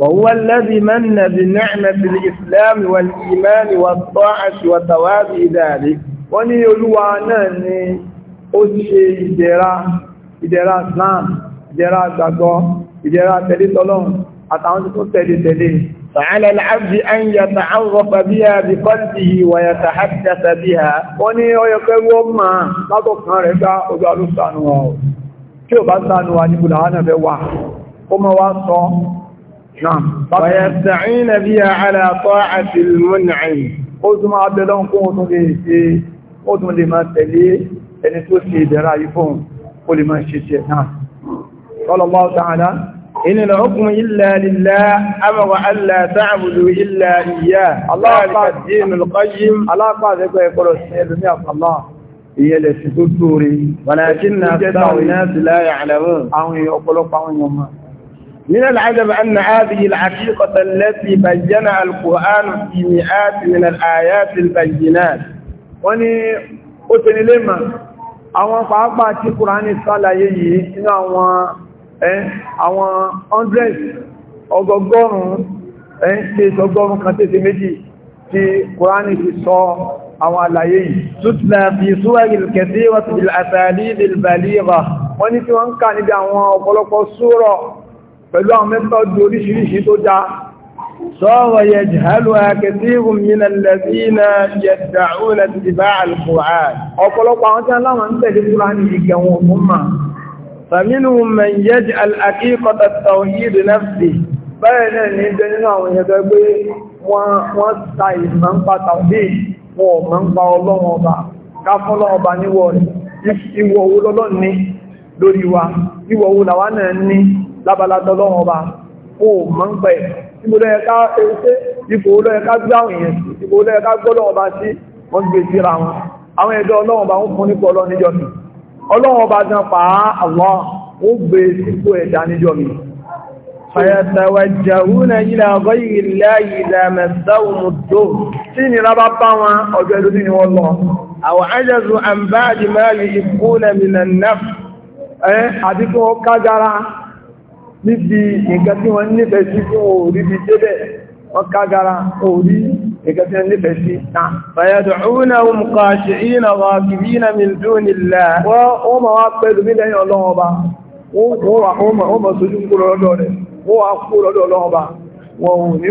وهو الذي من بنعمة الإسلام والإيمان والطاعة وتوابع ذلك wọ́n ní olúwa náà ni ó ṣe ìdẹ̀ra ìdẹ̀ra islam ìdẹ̀ra gbàgbọ́ ìdẹ̀ra tẹ̀lé tọ́lọ́run àtàwọn tó tẹ̀lé tẹ̀lé فعلى العبد أن يتعرف بها بقلبه ويتحدث بها wọ́n ní ó yẹ kí wọ́n máa látọ̀kan rẹ̀ gbá ojú alúsànù wọn kí ò bá sànù wa níbùdó àwọn ẹ̀fẹ́ wà ó mọ́ wá sọ ويستعين بها على طاعة المنعم قلتم عبد الله قوتم ليه قلتم لما تليه أن توسي قل ما شئت نعم قال الله تعالى إن الحكم إلا لله أمر ألا تعبدوا إلا إياه الله ذلك الدين القيم الله قال ذلك يقول السيد الله iye lè ṣe tó tóore wàlá kí ní àtàwọn ìnáàtì láyé àlẹ́wọ̀n àwọn ọ̀pọ̀lọpọ̀ àwọn èèyàn máa من العجب أن هذه العقيقة التي بينها القرآن في مئات من الآيات البينات wọ́n ní ó tẹni lé mà àwọn pàápàá tí kùránì sálàyé yìí inú àwọn ẹ́ àwọn 100 ọgọgọ́rùn-ún ẹ́ tí ìsọgọ́rùn kan tẹ́sẹ méjì tí kùránì ti sọ àwọn àlàyé yìí tutla fi súwárí kẹsíwá ti àtàrí ìdìlbàlì rà wọ́n ní tí wọ́n ń kà níbi àwọn ọ̀pọ̀lọpọ̀ súrọ̀ pẹ̀lú àwọn mẹ́tọ́dù oríṣiríṣi tó já sọ́wọ́ yẹ jìhálù akẹsíhùn mina lẹ́sínà yẹ̀dàúnà ti ti bá alkùnrin ọ̀pọ̀lọpọ̀ àwọn tí aláwọn ń نفسه bẹ́ẹ̀ náà ní jẹ́ nínú àwọn èèyàn tó pé wọ́n ta ìmọ̀ ń wa ìwọ̀ owó náà ní lábalatọ́ lọ́wọ́ ọba ó mọ́ ń pẹ̀ ibo ló yẹ ká ṣe ipò ló yẹ ká gbé àwọn èèyàn sí ipò ló yẹ ká gbọ́ lọ́wọ́ ọba sí wọ́n gbé síra wọn àwọn ẹ̀dọ́ ọlọ́wọ́ ọba ń fún nípa ọlọ́ níjọ́ mi ọlọ́wọ́ ajẹ́sù àmbáàdì máa yìí ìkúnlẹ̀ mìnà náà ẹ́ àdíkọ́ kágára níbi nǹkan tí wọ́n nífẹ̀ẹ́ sí fún orí bí débẹ̀ wọ́n kágara orí nǹkan tí wọ́n nífẹ̀ẹ́ sí náà. fayad'unahum khashi'ina ghafilina wọ́n ma wá pẹ̀lú bí lẹ́yìn ọlọ́wọ́ bá wọ́n rí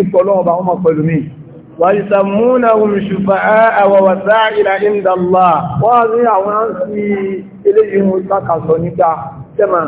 àwọn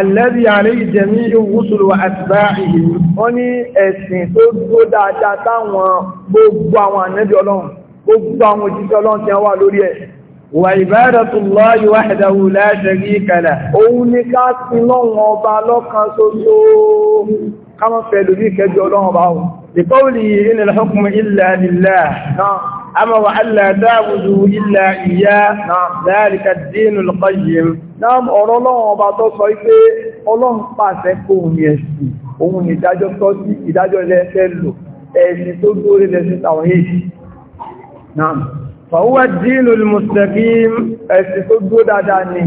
alẹ́bí àríyí jẹmí ìwúsùlù àtìbá ìhìn wọ́n ní ẹ̀sìn tó dúró dáadáa táwọn gbogbo àwọn ànẹ́bí ọlọ́run gbogbo àwọn òjíṣẹ́ ọlọ́run tí wà lórí ẹ̀ wà ibadatullahi wahdahu la sharika lah òun ní ká sí lọ́wọ́n ọba lọ́kan أمر ألا تعبدوا إلا إياه ذلك الدين القيم náà ọ̀rọ̀ ọlọ́run ọba tó sọ pé ọlọ́run pàṣẹ kó omi ẹ̀sìn òun ìdájọ́ tọ́ sí ìdájọ́ ilẹ̀-ẹ̀fẹ́ lò ẹ̀sìn tó gbóre lẹ́sìn àwọn èyí náà فهو الدين المستقيم ẹ̀sìn tó gbó dáadáa ni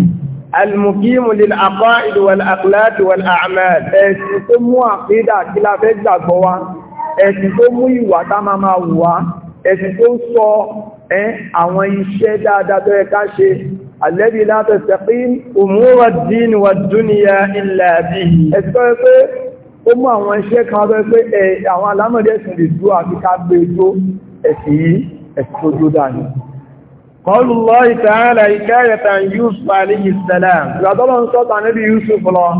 المقيم للعقائد والأقلات والأعمال ẹ̀sìn tó mú àpídà kí la fẹ́ gbàgbọ́ wa ẹ̀sìn tó mú ìwà tá máa máa wù wá ẹ̀sìn tó ń sọ ẹ́ àwọn iṣẹ́ dáadáa tó yẹ ká ṣe alẹ́bí látẹ̀sẹ̀kí òmúrọ̀ dín wà dúníyà ilẹ̀ àbí ẹ̀sìn tó yẹ pé ó mú àwọn iṣẹ́ kan tó yẹ pé àwọn alámọ̀dé ẹ̀sìn lè dúró àti ká gbé dó e ẹ̀sìn yìí ẹ̀sìn tó dúró dání قول الله تعالى حكاية عن يوسف عليه السلام. لا تلون صوت عن نبي يوسف الله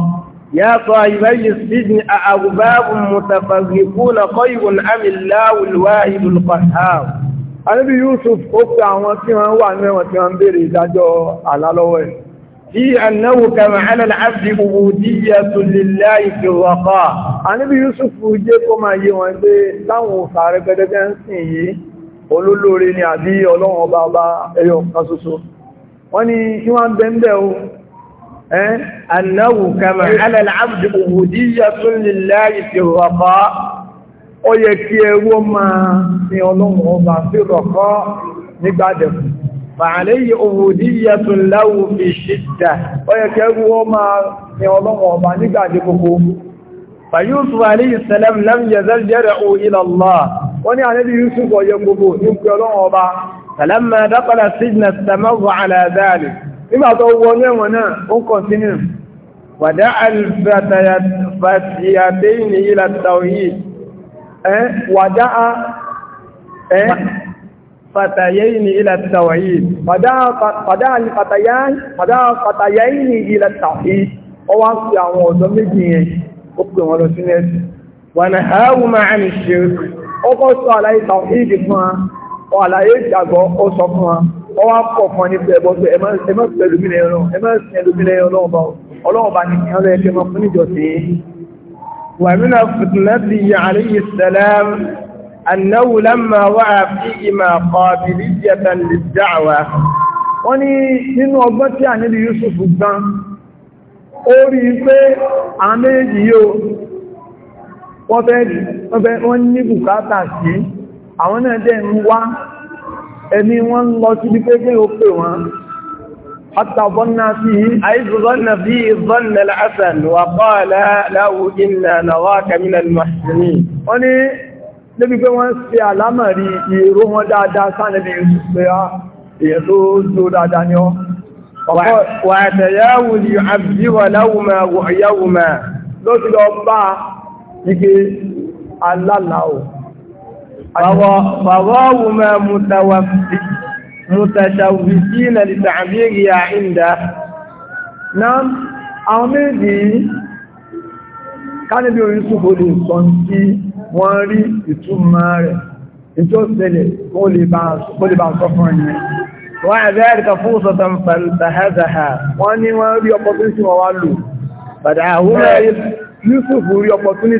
يا صاحبي السجن أأرباب متفرقون خير أم الله الواحد القهار Ànábì Yusuf ó pè àwọn tí wọ́n wà ní ẹ̀wọ̀n tí wọ́n béèrè ìdájọ́ àlálọ́wọ́ ẹ̀. Tí annáwò kẹrìn alàlábì ubudiyyatu lillahi fi raqa. Ànábì Yusuf jẹ́ kó máa yé wọn pé láwọn òfà rẹ̀ ń sìn yìí, olólóore ni àbí ọlọ́run ọba ọba ẹyọ kan ṣoṣo. Wọ́n ní kí wọ́n bẹ́ńbẹ́ أنه كما على العبد عبودية لله في الرخاء ó yẹ kí ẹrú máa sin ọlọ́run ọba sí rọ̀kọ́ nígbàdẹ̀kù màálẹ́yìn ubudiyyatun lahu fi shidda ó yẹ kí ẹrú máa sin ọlọ́run ọba nígbàdẹ̀kù fa Yusuf alayhi salam lam yazal yar'u ila Allah nígbà tó wọ ní ẹ̀wọ̀n náà ó ń kọ̀ntínú wàdá alìfàtàyàtẹ́ ìnìyí látàwí ẹ́ wàdá ẹ́ fàtàyẹ́yìn ilẹ̀ tàwàyí wàdá fàtàyẹ́yìn ilẹ̀ tàwàyí ó wá sí àwọn ọ̀dọ́ méjì yẹn ó pè wọn lọ sínú wọ́n wá pọ̀ fún ọ ní bẹ́ẹ̀ bọ́ pé ẹ má sìn ẹlòmílẹ̀ ọlọ́run ẹ má sìn ẹlòmílẹ̀ ọlọ́run bá ọlọ́run bá nìkan ọlọ́run ẹ̀kẹ́ máa fún ìjọsìn. ومن فتنته عليه السلام أنه لما وعى فيهما قابلية للدعوة wọ́n ní nínú ọgbọ́n tí ànábì Yusuf gbọ́n ó rí pé àwọn méjì yóò wọ́n fẹ́ wọ́n ní bùkátà sí àwọn náà dẹ̀ ń wá ẹni wọ́n ń lọ sí pé kí o pè wọ́n àtàbọ́nà sí àìsùzọ́nà bí ìzọ́nà al'asàl wà bọ́ọ̀lá láwú iná lọ́wọ́ kàmílà mọ̀sílì wọ́n ní níbi pé wọ́n ṣe àlámàrí ìró wọn dáadáa sánàbí pé á ah, èyẹ tó فواهما متشوفين لتعبيرها عنده نعم أمدي kánibí orí súnfò lè sọ tí wọ́n rí ìtumọ̀ rẹ̀ ìjọ sẹlẹ̀ ó lè bá sọ fún ẹni wọ́n ẹ̀rẹ́ ẹ̀ríkà fún ìsọ̀tàn fàìlìtàhẹ́dàhà wọ́n ní wọ́n rí opportunity wọ́n wá lò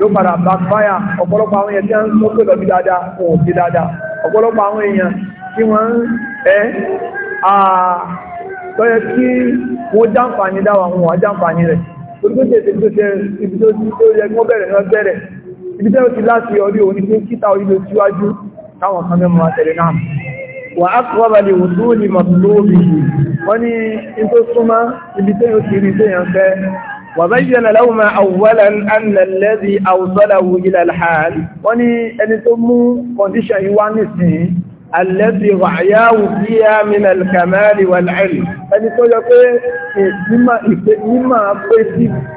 ló padà backfire ọ̀pọ̀lọpọ̀ àwọn èèyàn tí wọ́n ń sọ pé lọ́bí dáadáa wọn ò sí dáadáa ọ̀pọ̀lọpọ̀ àwọn èèyàn tí wọ́n ń ẹ́ tọ́yẹ kí wọ́n jàǹfààní dáwà wọn wà jàǹfààní rẹ̀ torípé tètè tó ṣe ibi tó ti tó yẹ wọ́n bẹ̀rẹ̀ náà bẹ̀rẹ̀ ibi tẹ́rọ ti láti orí òní pé kíta orí ló síwájú táwọn kan mẹ́mọ́ àtẹ̀lẹ̀ náà wà á kọ́ balẹ̀ òtú ní mọ̀tún lóòbí wọ́n ní in tó súnmọ́ ibi tẹ́rọ ti rí tẹ́yàn fẹ́ وبين لهما أولا أن الذي أوصله إلى الحال وني أن تمو قدش إيوانسي الذي رعياه فيها من الكمال والعلم أن تقول مما مما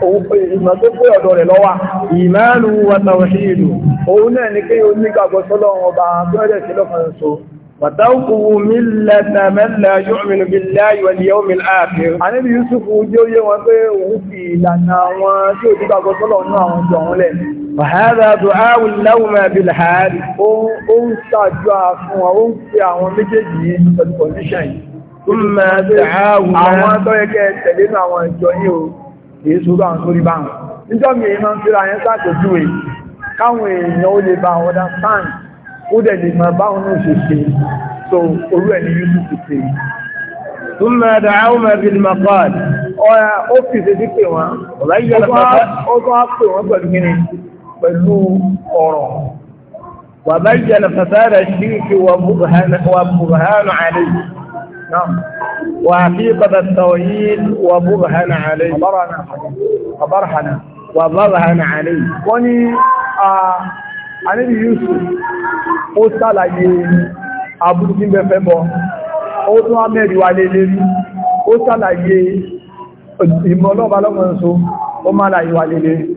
أقول مما أقول لوا إيمانه وتوحيده هنا نكي يونيك أبو صلى الله عليه وسلم wàtàkùwù mílẹ̀ta mẹ́lẹ̀ yọ́mìnú bí láyé wà ní yọ́mìn ààfẹ́. a níbi yusufu jẹ́ oyé wọn pé òun fi ìlànà wọn tí ò dígbà gọ́sọ́lọ̀ ní àwọn jọ wọn lẹ̀. wàhálà tó áwù láwùmọ̀ bí làárì ó ń ṣàjọ fún wọn ó ń fi àwọn méjèèjì yìí pẹ̀lú condition yìí. ó máa dàáwù náà àwọn tó yẹ kẹ́ tẹ̀lé ní àwọn ìjọ yìí o kì í sọ bá wọn sórí bá wọn. níjọ́ mi máa ń fira yẹn ṣàpèjúwe káwọn èèyàn ó lè bá wọn dá sáǹsì ó dẹ̀ lè máa báwọn náà ṣe ṣe so orú ẹ̀ ní Yusuf ṣe. Súnmọ́ ẹ̀dá àwọn ẹ̀bìn Makad, ó fi ṣèṣí pè wọ́n, ó tún á pè wọ́n pẹ̀lú kíni pẹ̀lú ọ̀rọ̀. وبين فساد الشرك وبرهان عليه نعم وحقيقة التوحيد وبرهان عليه وبرهن وبرهن عليه وني آه àníbi yusuf ó sàlàyé àbúrú tí ń bẹ fẹ́ bọ́ ó tún á mẹ́rin wà lé lérí ó sàlàyé ìmọ̀ ọlọ́ba lọ́mọ ẹ̀ṣọ́ ó má láyé wà lé lérí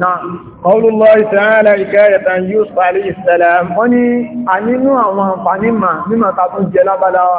náà ọlúlọ́ ìsẹ̀rẹ́lẹ̀ ìkẹ́rẹ̀ta yusuf alayhi salam wọ́n ní a nínú àwọn àǹfààní ma mímọ̀ tàbí jẹ lábáláwá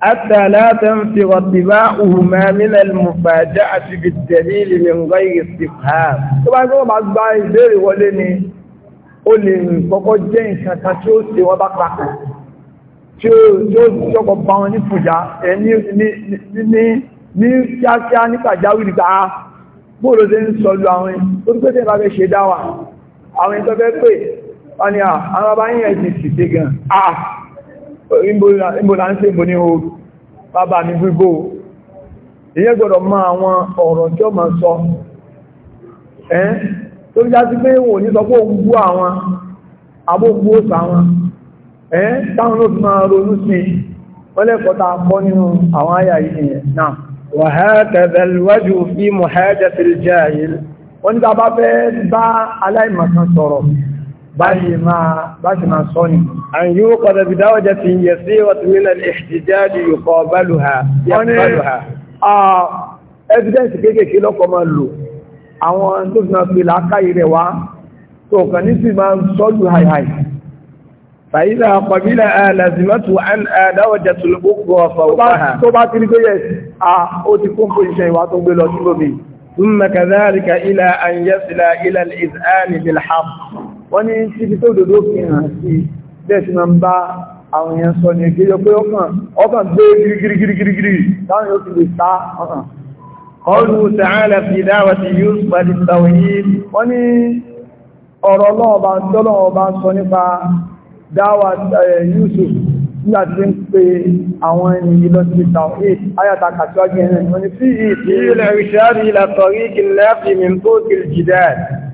حتى لا تنفر اتباعهما من المفاجأة بالدليل من غير استفهام tó bá gbọ́ bá gba ìbéèrè wọlé ni ó lè kọ́kọ́ jẹ́ nǹkan kan tí ó ṣe wọ́n bá pàkà tí ó ṣọ́kọ̀ bá wọn ní fùjá ẹni ní kíákíá ní pàjáwìrì ta bóòrò tí ń sọlú àwọn tó pé tí ìbáfẹ́ ṣe dáwà àwọn ìtọ́fẹ́ pé wọ́n ni àwọn abáyìn ẹ̀sìn sì ìbòlà ń ṣe bò ní ooru bàbá mi gbígbó ìyẹ́ gbọ́dọ̀ mọ àwọn ọ̀rọ̀ tí ó ma sọ ẹ́ tó já sí pé wò ní sọ pé òun àwọn abógbó sàwọn ẹ́ táwọn ló fi máa ronú sí wọ́lẹ́kọ̀ọ́ta kọ́ nínú àwọn àyà yìí náà báyìí máa sọ ni. an yíó kọ̀dọ̀ bí dáwọ́jẹ́ ti yẹ sí wàtúmínà ìṣìjáde yòkọ̀ bálùhà evidence kéékèèké lọ́kọ̀ máa lò àwọn tó fi máa fi làákàyè rẹ̀ wá tó kàn ní sí máa sọ́lù haihai fàyílà pàbílà àlàzìmọ́tò àdáwọ̀jà tó lókò ọ̀fà òkúta tó bá ثم كذلك إلى أن يصل إلى الإذعان بالحق wọ́n ní títí tó dòdó fi hàn sí bẹ́ẹ̀sì máa ń bá àwọn èèyàn sọ ní ìgbéjọ pé ọkàn ọkàn gbé gírígírígírígírí táwọn yóò fi lè sá ọkàn ọlù tààlẹ̀ fi dáwà yóò pàdé tàwọn yìí wọ́n ní ọ̀rọ̀ ọlọ́ọ̀bá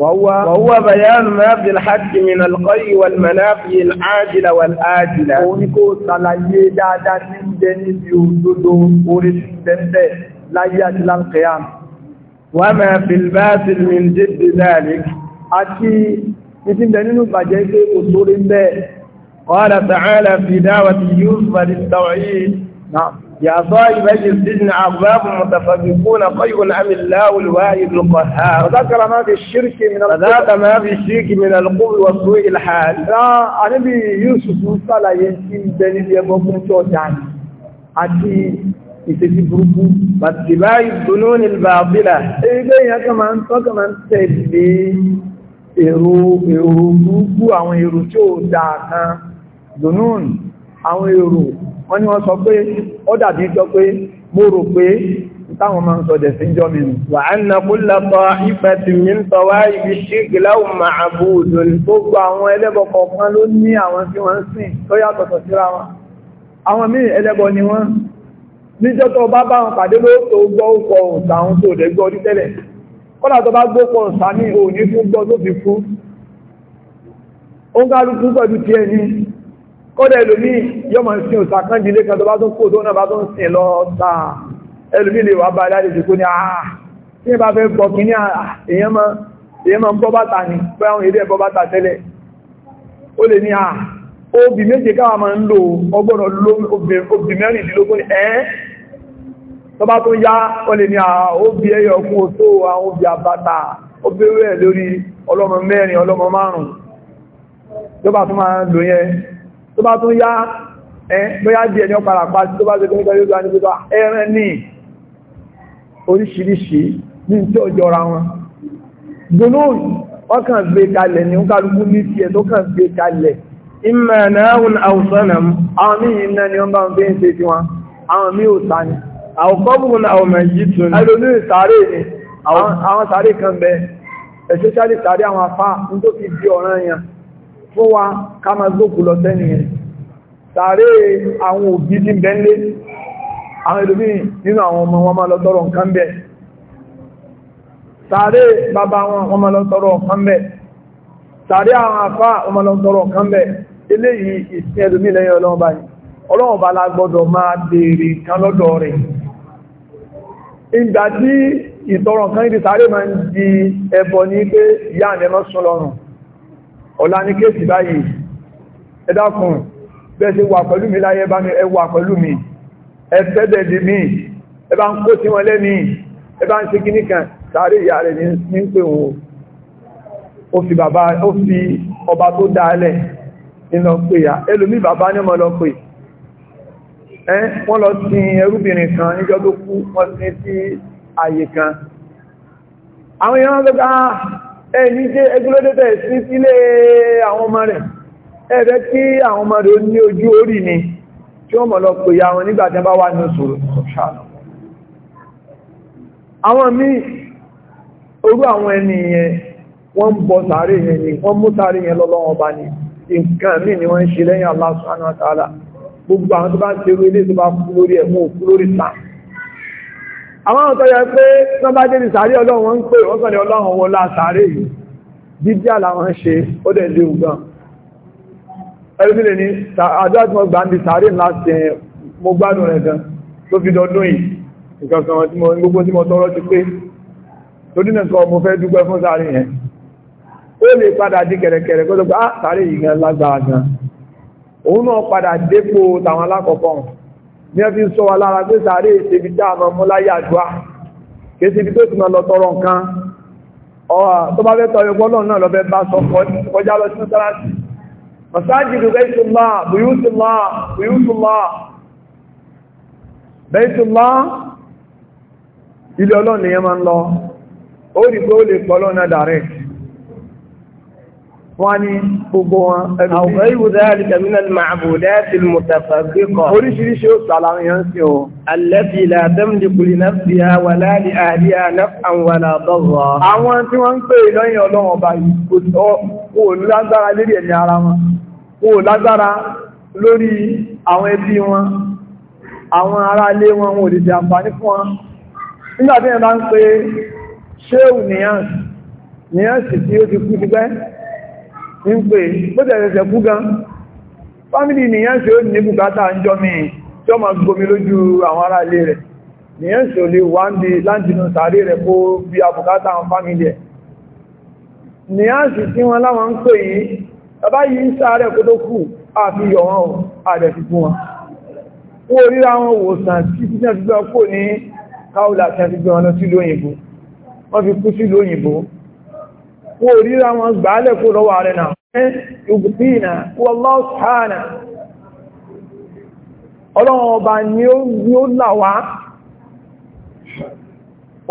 وهو وهو بيان ما في الحج من القي والمنافي العاجلة والآجلة ونكو صلاحي دادا نمجن يوسدو ورس دنبه لا يجل القيام وما في الباطل من جد ذلك أتي نتم دنينو بجيك أصول قال تعالى في دعوة يوسف للتوعيد نعم يا صاحب السجن أرباب متفرقون خير أم الله الواحد القهار ذكر ما في الشرك من ذاك ما في الشرك من القبر وسوء الحال لا النبي يوسف صلى يسين بني يبوكم توتان أتي ìsèsí burúkú bàtìbá ìdùnnú ní bàbílà ilé ìyàkà máa ń tọ́kà máa ń tẹ̀lé èrò burúkú àwọn èrò tí ó dáa kan dùnnú àwọn èrò wọ́n ní wọ́n sọ pé ó dàbí jọ pé mo rò pé táwọn máa ń sọ dẹ̀ sí jọ mi nù. wà á nà kó lọ́pọ̀ ìfẹ́ tí mi ń sọ wá ibi ṣí gíláwùn máa bú òdòlù gbogbo àwọn ẹlẹ́bọ kọ̀ọ̀kan ló ní àwọn tí wọ́n sìn tó yàtọ̀tọ̀ síra wọn. àwọn míì ẹlẹ́bọ ni wọ́n níjọ́ tó bá bá wọn pàdé ló tó gbọ́ òkò òǹtà àwọn tó dẹ̀ gbọ́ títẹ́lẹ̀ kọ́lá tó bá gbọ́ kódà ẹlòmí yọ́ ma ń sin òta kan jílé kan tó bá tún kó tó náà bá tún sin lọ ta ẹlòmí lè wà bá ìlàdìsí kó ní àà tí bá fẹ́ bọ̀ kí ní ah, ah, èyàn ma ń bọ́ bàtà ní pé àwọn èdè ẹ̀bọ́ bàtà tẹ́lẹ̀ ó lè ní àà ah, obì méje káwà ma ń lò ọgbọ́nà obì mẹ́rìndínlógún ẹ́ tó bá tún yá ó tó bá tún yá bóyá díẹ̀ ní ọpàá àpá tó bá tẹ́kọ́ nígbà yóò ní pípa ẹran ní oríṣiríṣi ní tí ó jọra wọn gbónúùn wọ́n kàn gbé kalẹ̀ ní kálukú ní tiẹ̀ tó kàn gbé kalẹ̀ ìmọ̀ ẹ̀nàáhùn àwùsọ́nàm àwọn míì iná ni wọ́n bá ń fi ń ṣe sí wọn àwọn míì òta ni àwùkọ́bùn àwọn mẹ̀jì tún ní ẹlòmí ìsàárè ni àwọn sàárè kan bẹ especially sàárè àwọn afá ní tó fi di ọ̀ràn yẹn fún wa ká máa gbókù lọ sẹ́ni yẹn tààrí àwọn òbí ní bẹ́ńlé àwọn ìlú nínú àwọn ọmọ wọn máa lọ tọrọ nǹkan bẹ̀ tààrí bàbá wọn wọn máa lọ tọrọ nǹkan tààrí àwọn afá wọn máa lọ tọrọ nǹkan eléyìí ìsìn la ọ̀la ní kéèsì báyìí ẹ dákun bẹ́ẹ̀sí wà pẹ̀lú mi láyé bá mi ẹ wà pẹ̀lú mi ẹ fẹ́bẹ̀ dì mí ẹ bá ń kó sí wọn lẹ́ni ẹ ń ṣe kí níkan ìyá rẹ̀ ní ya ẹlòmí bàbá ní ọmọ lọ pé ẹ wọ́n lọ sin ẹrúbìnrin kan níjọ́ àwọn èèyàn lọ́gbà ẹni jẹ́ egwuregwu sí sílé àwọn ọmọ rẹ̀ ẹ̀rẹ́ kí àwọn ọmọ rẹ̀ ní ojú orí ni tí ó mọ̀ ya wọn nígbàtí bá wà ní oṣù àwọn míì orú àwọn ẹni yẹn wọ́n bọ sàárè yẹn ni wọ́n mú sàárè yẹn lọ́lọ́wọ́ bá ní nǹkan ni wọ́n ń ṣe lẹ́yìn gbogbo àwọn tó bá ń ṣe orí ilé tó bá kú lórí ẹ̀mú òkú lórí àwọn ọ̀tọ́ yẹ pé wọ́n bá débi sàárè ọlọ́run wọ́n ń pè wọ́n sọ̀rọ̀ ọlọ́run wọ́n lá sàárè yìí dídí àlàwọn ṣe ó dẹ̀ lé ògbọ́n ẹlùmílẹ̀ ni àdúrà tí wọ́n gbà ń di sàárè ńlá ṣe mo gbádùn rẹ̀ gan tó fi dọdún yìí nǹkan kan tí mo gbogbo tí mo tọrọ ti pé torí nǹkan mo fẹ́ dúpẹ́ fún sàárè yẹn ó lè padà di kẹ̀rẹ̀kẹ̀rẹ̀ kó tó gbà ah, sàárè yìí gan lágbára gan òun náà padà dépò tàwọn alákọ̀ọ́kọ́ ní ẹ́fí sọ wà lára pé sàárè ìsẹ̀bí dáàmà múláyà àdúwà kéèsì ibi tó ti máa lọ tọrọ nǹkan ọ̀rọ̀ tó bá fẹ́ tọrọ gbọ́nà náà lọ́bẹ̀ bá sọ kọjá lọ sí mọ́sálásì masájìdù baitullah buyutullah buyutullah baitullah ilé ọlọ́run ni yẹn máa ń lọ ó rí pé ó lè pọ̀ lọ́nà direct wọ́n ní gbogbo wọn. àwọn ìwúdá àdìgbàmínà màbùdá ti mùtàfàgbé kan. oríṣiríṣi ó sọ àwọn èèyàn sí o. alẹ́bí làdẹ́m di kùlì náà fi ha wà láàrin àárín àná àwọn àbọ̀wọ̀. àwọn tí wọ́n ń pè lọ́yìn ọlọ́wọ́n ọba yìí kò sọ kò lágbára lórí ẹ̀mí ara wọn kò lágbára lórí àwọn ẹbí wọn àwọn aráalé wọn wọn ò lè ṣe àǹfààní fún wọn. nígbà tí wọ́n bá ń pe ṣéwù nìyàn nìyàn tí ó ti kú ti pẹ́ ń pè bọ́tẹ̀ẹ̀sẹ̀ kú gan fámílì nìyàn ṣe ó ní bùkátà ń jọ mi tí ó ma gbomi lójú àwọn ará ilé rẹ̀ nìyàn ṣe ò lè wá ń di láńdínú sàárè rẹ̀ kó bí a bùkátà àwọn fámílì ẹ̀ nìyàn sì tí wọ́n láwọn ń pè yìí bàbá yìí ń sáré kó tó kù àfi yọ wọn ò àdẹ̀ fi fún wọn kú oríra wọn wòsàn tí tí náà fi gbọ́n kò ní káùlà tí a fi gbọ́n lọ sí lóyìnbó wọ́n fi kú sí lóyìnbó wọ́n rí wọn gbàálẹ̀ kó lọ́wọ́ rẹ̀ náà ẹ́ ìgbìtìnà wallahu ọba ni ó làwá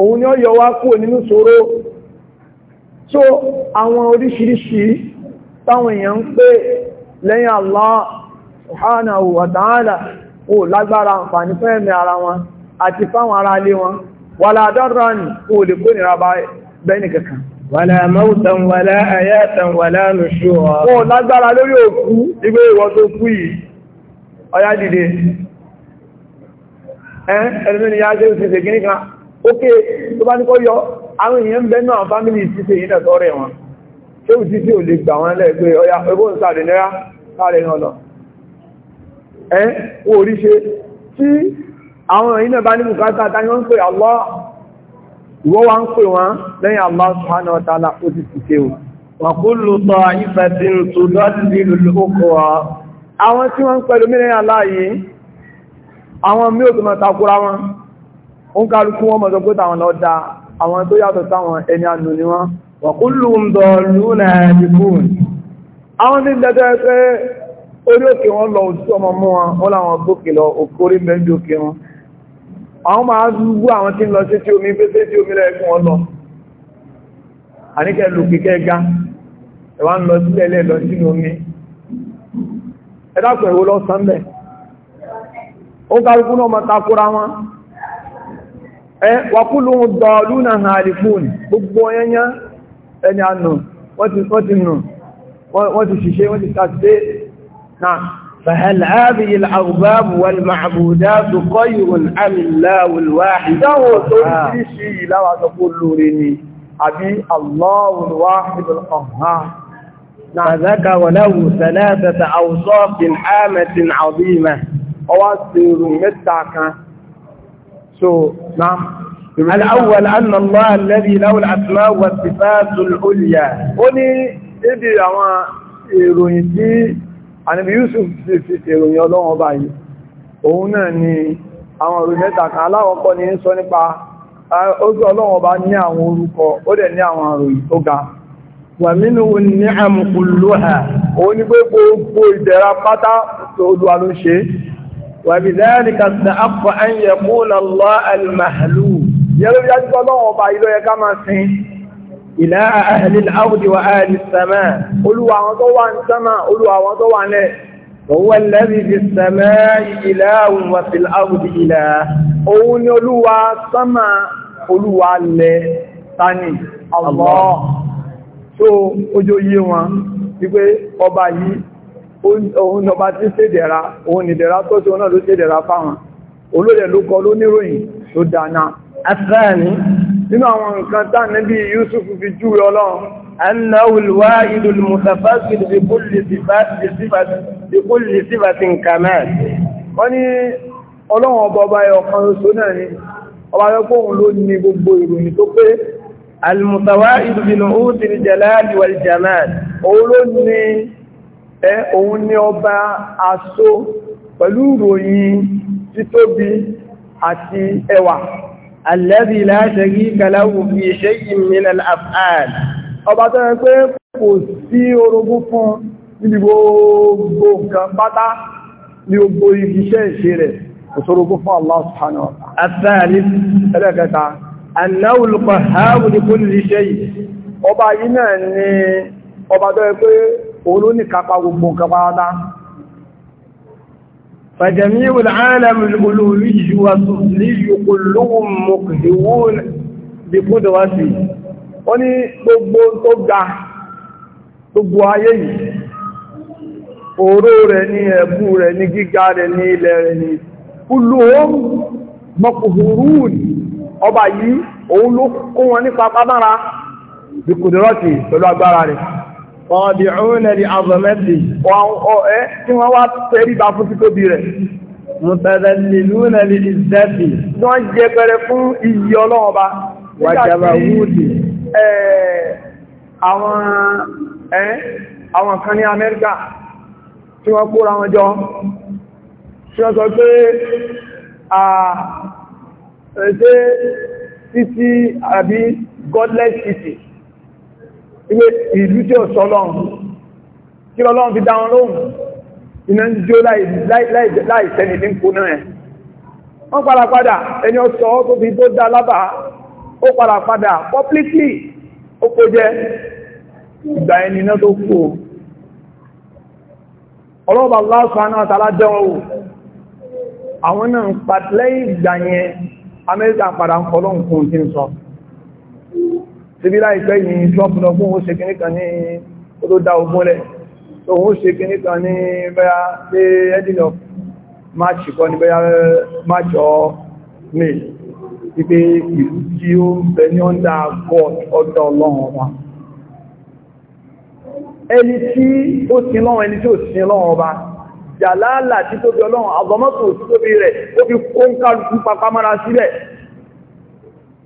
òun ni ó yọ wá kúrò nínú ṣòro tó àwọn oríṣiríṣi táwọn èèyàn ń pè lẹ́yìn Allah subhanahu wa ta'ala ó lágbára wàlá mọ́wùtàn wàlá àyàtàn wàlá nùṣúwà. ó lágbára lórí òkú igbé ìwọ tó kú yìí ọya dìde ẹ̀ẹ́dẹ̀mẹ́ni yá jẹ́ òṣìṣẹ́ gíní kan ókè tó bá ní kọ́ yọ àwọn èèyàn bẹ́ náà fámílì ìṣìṣẹ́ yìí náà tọ́rẹ̀ wọn ṣé òṣìṣẹ́ ò lè gbà wọn lẹ́gbẹ́ ọya ẹgbọ́n sáré náírà sáré náà lọ ẹ́ ìwọ́ wa ń pè wọ́n lẹ́yìn Allah subhanahu wa ta'ala ó ti ti ṣe wa kullu ta'ifatin tudallilu al-ukhra. àwọn tí wọ́n ń pẹ̀lú mílíọ̀n aláàyè àwọn mí ò tó mọ̀ takura wọn ó ń kálukú wọn mọ̀ sọ pé táwọn lọ da àwọn tó yàtọ̀ wa àwọn tí ń dẹ́tọ́ pé orí òkè wọn àwọn máa gbogbo àwọn tí ń lọ sí tí omi pẹ́sẹ́ tí omi lẹ́ẹ̀kún wọn lọ àníkẹ́ lù kíkẹ́ ga ẹ̀wà ń lọ sílẹ̀ lọ sínú omi ẹ̀dàkùn èwo lọ sánbẹ̀ ó náà máa wọn ẹ wàkúlù gbogbo ẹni àná wọ́n ti nù wọ́n ti ṣiṣẹ́ wọ́n ti فهل هذه الأرباب والمعبودات خير أم الله الواحد آه. لا tó rí sí ìlàwà الله الواحد القهار نعم. فذكر له ثلاثة أوصاف عامة عظيمة ọwá sí سو نعم so الأول أن الله الذي له الأسماء والصفات العليا ó إذا ما àwọn àníbi Yusuf ti fi èròyìn ọlọ́run ọba yìí òun náà ni àwọn òrùn mẹ́ta kan aláwọ̀kọ́ ni ń sọ nípa ojú ọlọ́run ọba ní àwọn orúkọ ó dẹ̀ ní àwọn àròyìn tó ga wà nínú ní àmùkùlù ẹ̀ ìlà àhàlì àwùjọ wa àhàlì sàmà olúwa àwọn tó wà ní sàmà olúwa àwọn tó wà lẹ̀ òwò ẹlẹ́bí fi sàmà ìlà àwùjọ fi àwùjọ ìlà òun ni olúwa sàmà olúwa lẹ̀ tani Allah tó ojú yé wọn wípé ọba yìí òun ọba tí ṣèdẹ̀ra òun nìdẹ̀ra tó ṣe náà ló ṣèdẹ̀ra fáwọn olóòdẹ̀ ló kọ lóníròyìn tó dáná nínú àwọn nǹkan tá níbi Yusuf fi júwe ọlọ́run anáwùlúwá ìdùn mùsàfásìdì ìkúlì sífàtì nǹkanẹ̀ wọ́n ní ọlọ́run ọba ọba ọ̀kan oṣù náà ni ọba lọ́pọ̀hùn ló ní gbogbo ìròyìn tó pé alìmùsàwá ìdùn òtìrì jẹ̀láàdì wà jẹ̀máàdì الذي لا شريك له في شيء من al-af'al ọba tó yẹ pé kò sí orogún fún níbi gbogbo nǹkan pátá ní gbogbo iṣẹ́ ìṣe rẹ̀ kò sórogún fún Allah subhanahu wa ta'ala. Àtàlì ẹlẹ́kẹta, annahu al-qahhar li kulli shay. Ọba yìí náà ni ọba tó yẹ pé òun gbogbo nǹkan pátá. فجميع العالم الألولي والسفلي كلهم مقهون بقدرته ó ní gbogbo tó ga gbogbo ayé yìí òró rẹ̀ ní ẹ̀bù rẹ̀ ní gíga rẹ̀ ní ilẹ̀ rẹ̀ ọ̀dìrúnlẹ̀ di azọ̀mẹ́tì tí wọ́n wá tẹ́ríba fún sí tóbi rẹ̀ mùtẹ̀lẹ̀lẹ̀lúnlẹ̀ di ìzẹ́tì wọ́n jẹ pẹrẹ fún iyì ọlọ́ọba wàjàbà wúdì àwọn kan ní Amẹ́ríkà tí wọ́n kóra godless city ìwé ìlú tí ó sọ lọ́run kí lọ́lọ́run fi dáwọn lóhùn iná ń jó láìsẹ́ni ní kú náà ẹ̀ wọ́n padà padà ẹni ọ̀sọ́ tó fi tó dá lábàá ó padà padà pọ́plíkì ó kó jẹ́ ìgbà ẹni náà tó kú ọlọ́ọ̀bà Allah subhanahu wa ta'ala dẹ́wọ̀n wò àwọn náà ń pàtẹ́lẹ́yìn ìgbà yẹn amẹ́ríkà padà ń kọ́ lóhùn fún un tí ń sọ síbí láìpẹ́ ni Trump lọ fún oún ṣe kìíní kan ní ó tó dá ogun lẹ̀ tó oún ṣe kìíní kan ní bẹ́yà pé ẹ́dìnà march kọ́ ní bẹ́yà eh, march ọ may wípé ìlú tí ó ń bẹ ní ọ́ndà god ọ̀dọ̀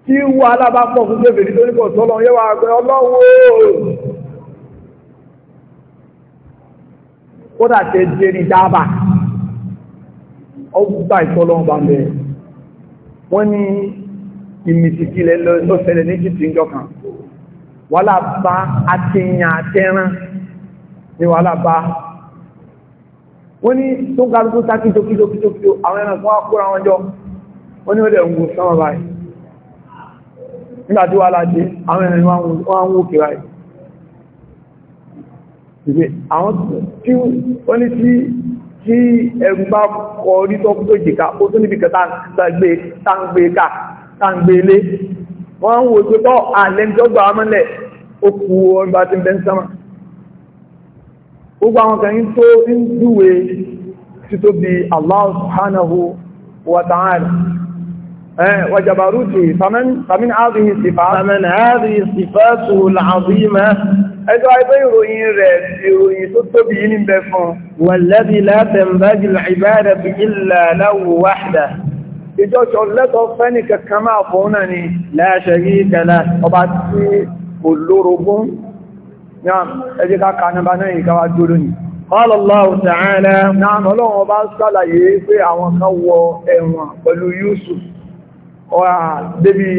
tí wà alábápọ̀ fún bèbèrè tó ní pọ̀tọ́ lọ yẹ́wà àgbẹ̀ ọlọ́wọ́ kódà tẹ́ jẹ́ ní dábà ọgbà ìtọ́lọ́wọ́ bá mẹ́ wọ́n ní ìmìtìkìlẹ̀ lọ́sẹ̀lẹ̀ ní jìtì ìjọ kan wàhálà bá àtìyàn àtẹ́rán ní wàhálà bá wọ́n ní tó ń kàrùkú sákìtòkìtòkìtò àwọn ẹranko wá kóra wọn jọ wọ́n ní ó dẹ̀ ń gùn sánmà báyìí nígbàtí wà láti àwọn ẹ̀rin wọ́n wó kìrá ẹ̀ ìgbé àwọn tí ó ní tí ẹ̀rù bá kọ orí tó kú tó jìká ó tó níbi kẹta tàǹgbé ká tàǹgbé ilé wọ́n wò tó tọ́ àlẹ́jọ́gbà mọ́lẹ̀ ó kú ọgbà tí ń bẹ́ ń sánmà Allah subhanahu wa ta'ala وجبروته فمن فمن هذه الصفات فمن هذه صفاته العظيمة ẹjọ́ ẹgbẹ́ ìròyìn rẹ̀ ìròyìn tó tóbi yìí ní bẹ fún والذي لا تنبغي العبادة إلا له وحده ìjọ́ ṣọ lẹ́tọ̀ fẹ́ni kankan máa fún náà ni لا شريك له ọba tí kò lórogún náà ẹjẹ́ ká ká nàbà náà ìkáwà dúró ni قال الله تعالى náà ọlọ́run ọba sálàyé pé àwọn kan wọ ẹ̀wọ̀n pẹ̀lú Yusuf débi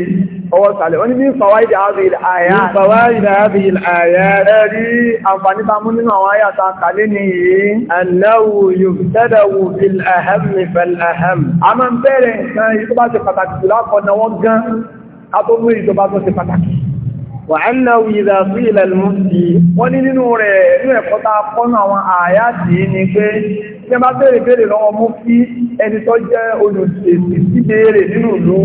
ọwọ́ sàlẹ̀ wọ́n ni ní fàwáìdà àbìl àyà fàwáìdà àbìl àyà ẹ̀rí àǹfàní tamú nínú àwọn àyàta kàlẹ́ ní yìí annáwò yóò tẹ́dàwò fil aham fil aham a máa ń bẹ̀rẹ̀ nǹkan yìí tó bá ṣe pàtàkì jù lápọ̀ na wọ́n gan atọ́mú èyí tó bá pàtàkì wà á náwó sí ilẹ̀ lùmùsí tí ma bèèrè bèèrè lọ́wọ́ mú kí ẹni tó jẹ́ olùsèsì sí bèèrè nínú ìlú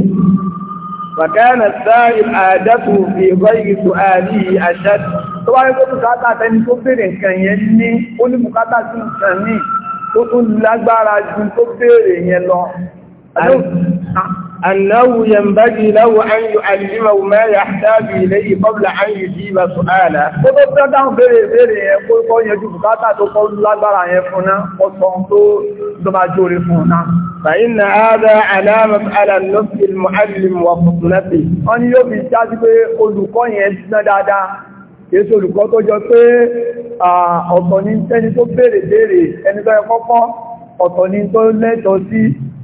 bàkẹ́ẹ̀nà sáàrì àdẹ́kù ìgbọ́ ìgbìtò àrí àṣẹ́ tó wáyé tó bùkátà tẹni tó bèèrè nǹkan yẹn ní ó ní bùkátà sí nǹkan ní tó tún lágbára ju tó bèèrè yẹn lọ أنه ينبغي له أن يعلمه ما يحتاج إليه قبل أن يجيب سؤاله. Ó tó tẹ́ dáhùn béèrè béèrè yẹn kó kọ́ yẹjú bùkátà tó kọ́ lágbára yẹn fún náà, ó sọ tó dọ́bà jóore fún náà. فإن هذا علامة على النصح المعلم وفطنته. Wọ́n ni yóò fi jáde pé olùkọ́ yẹn ná dáadáa. Yéṣu olùkọ́ tó jọ pé ọ̀tọ̀ ni ẹni tó béèrè béèrè ẹni tó yẹ kọ́kọ́, ọ̀tọ̀ ni tó lẹ́tọ̀ọ́ sí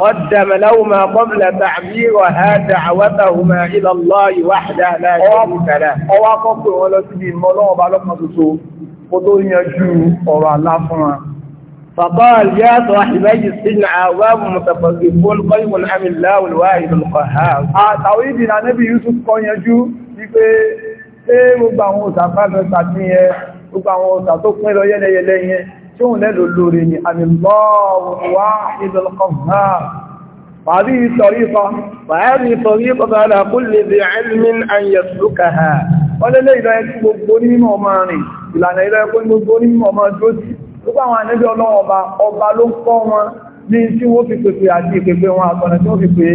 قدم له ما قبل تعبيرها دعوتهما إلى الله وحده لا شريك له ọwọ́ akọ́kọ́ wọn lọ síbi ìmọ̀ ọlọ́wọ́ bá lọ́pàá tuntun kó tó yanjú ọ̀rọ̀ aláfúnra فقال يا صاحبي السجن عوام متفرقون قلب عن الله الواحد القهار àtàwídì na níbi Yusuf kan yanjú wípé ṣé gbogbo àwọn òsàfáàfẹ́ sàtìyẹn gbogbo àwọn òsà tó pín lọ yẹ́lẹ́yẹlẹ́ yẹn tí ó lẹ́lò lórí ni àmìlọ́wọ́wà ìdọ̀lọ́kọ̀ọ́gbà fàárí ìtọ̀rífà fàárí ìtọ̀rífà bára kú lè bí ẹ̀lmín àyẹ̀sùlùkà ha wọ́n lẹ́lẹ́ ìlọ́yẹ tí gbogbo nínú ọmọ rìn ìlànà ìlọ́yẹ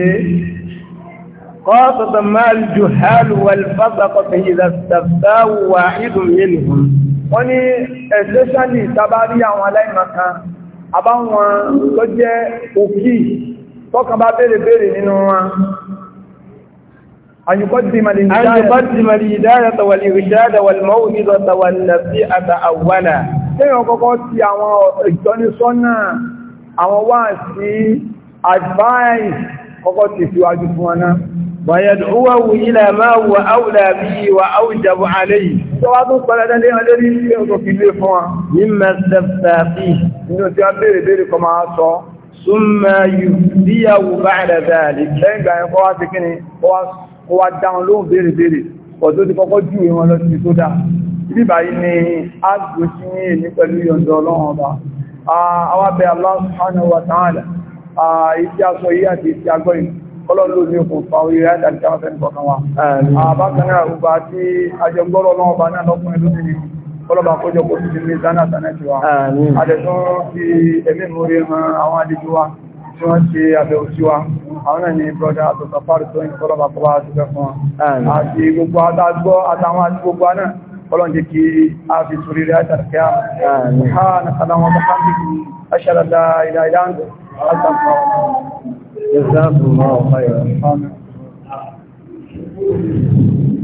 قاطب ما الجهال والفسقة إذا استفتاه واحد منهم wọ́n ní especially tabari àwọn aláìmọ̀kan àbáwọn tó jẹ́ òkì tọ́kàn bá béèrè béèrè nínú wọn àyùkọ́dìmọ̀ ìdáyà tàwàlì ìrìdáyà tàwàlìmọ́ ònílọ tàwàlìlà sí ويدعوه إلى ما هو أولى به وأوجب عليه مما استفتى فيه ثم يفتيه بعد ذلك wa dáhùn lóhùn béèrè béèrè ọ̀dọ́ ti kọ́kọ́ jù ìwọ̀n lọ sí tó dá bíbà yìí ni a gbò sí ní èní pẹ̀lú yọ̀ndọ̀ ọlọ́run ọba awábẹ̀ Allah subhanahu wa ta'ala ìtí aṣọ yìí ọlọ́lọ́ ní kò fa orí rẹ̀ àti àwọn ẹni kọ̀ọ̀kan wa. àbákan náà ọba tí ajẹ́gbọ́rọ̀ náà ọba náà lọ́kùnrin lóbìnrin ọlọ́ba kójọ kó ti ní zánà sánẹ́tì wa. àdẹ̀tún fi ẹ̀mí múrí han àwọn àdíjú wa tí wọ́n ṣe àbẹ̀wò sí wa àwọn náà ni brọ́dá àtọ̀sàfáàrí tó ń kọ́lọ́ba kọ́ bá ti fẹ́ fún wa. àti gbogbo àtàgbọ́ àtàwọn àti gbogbo náà ọlọ́run jẹ́ kí a fi sórí rẹ̀ جزاكم الله خيرا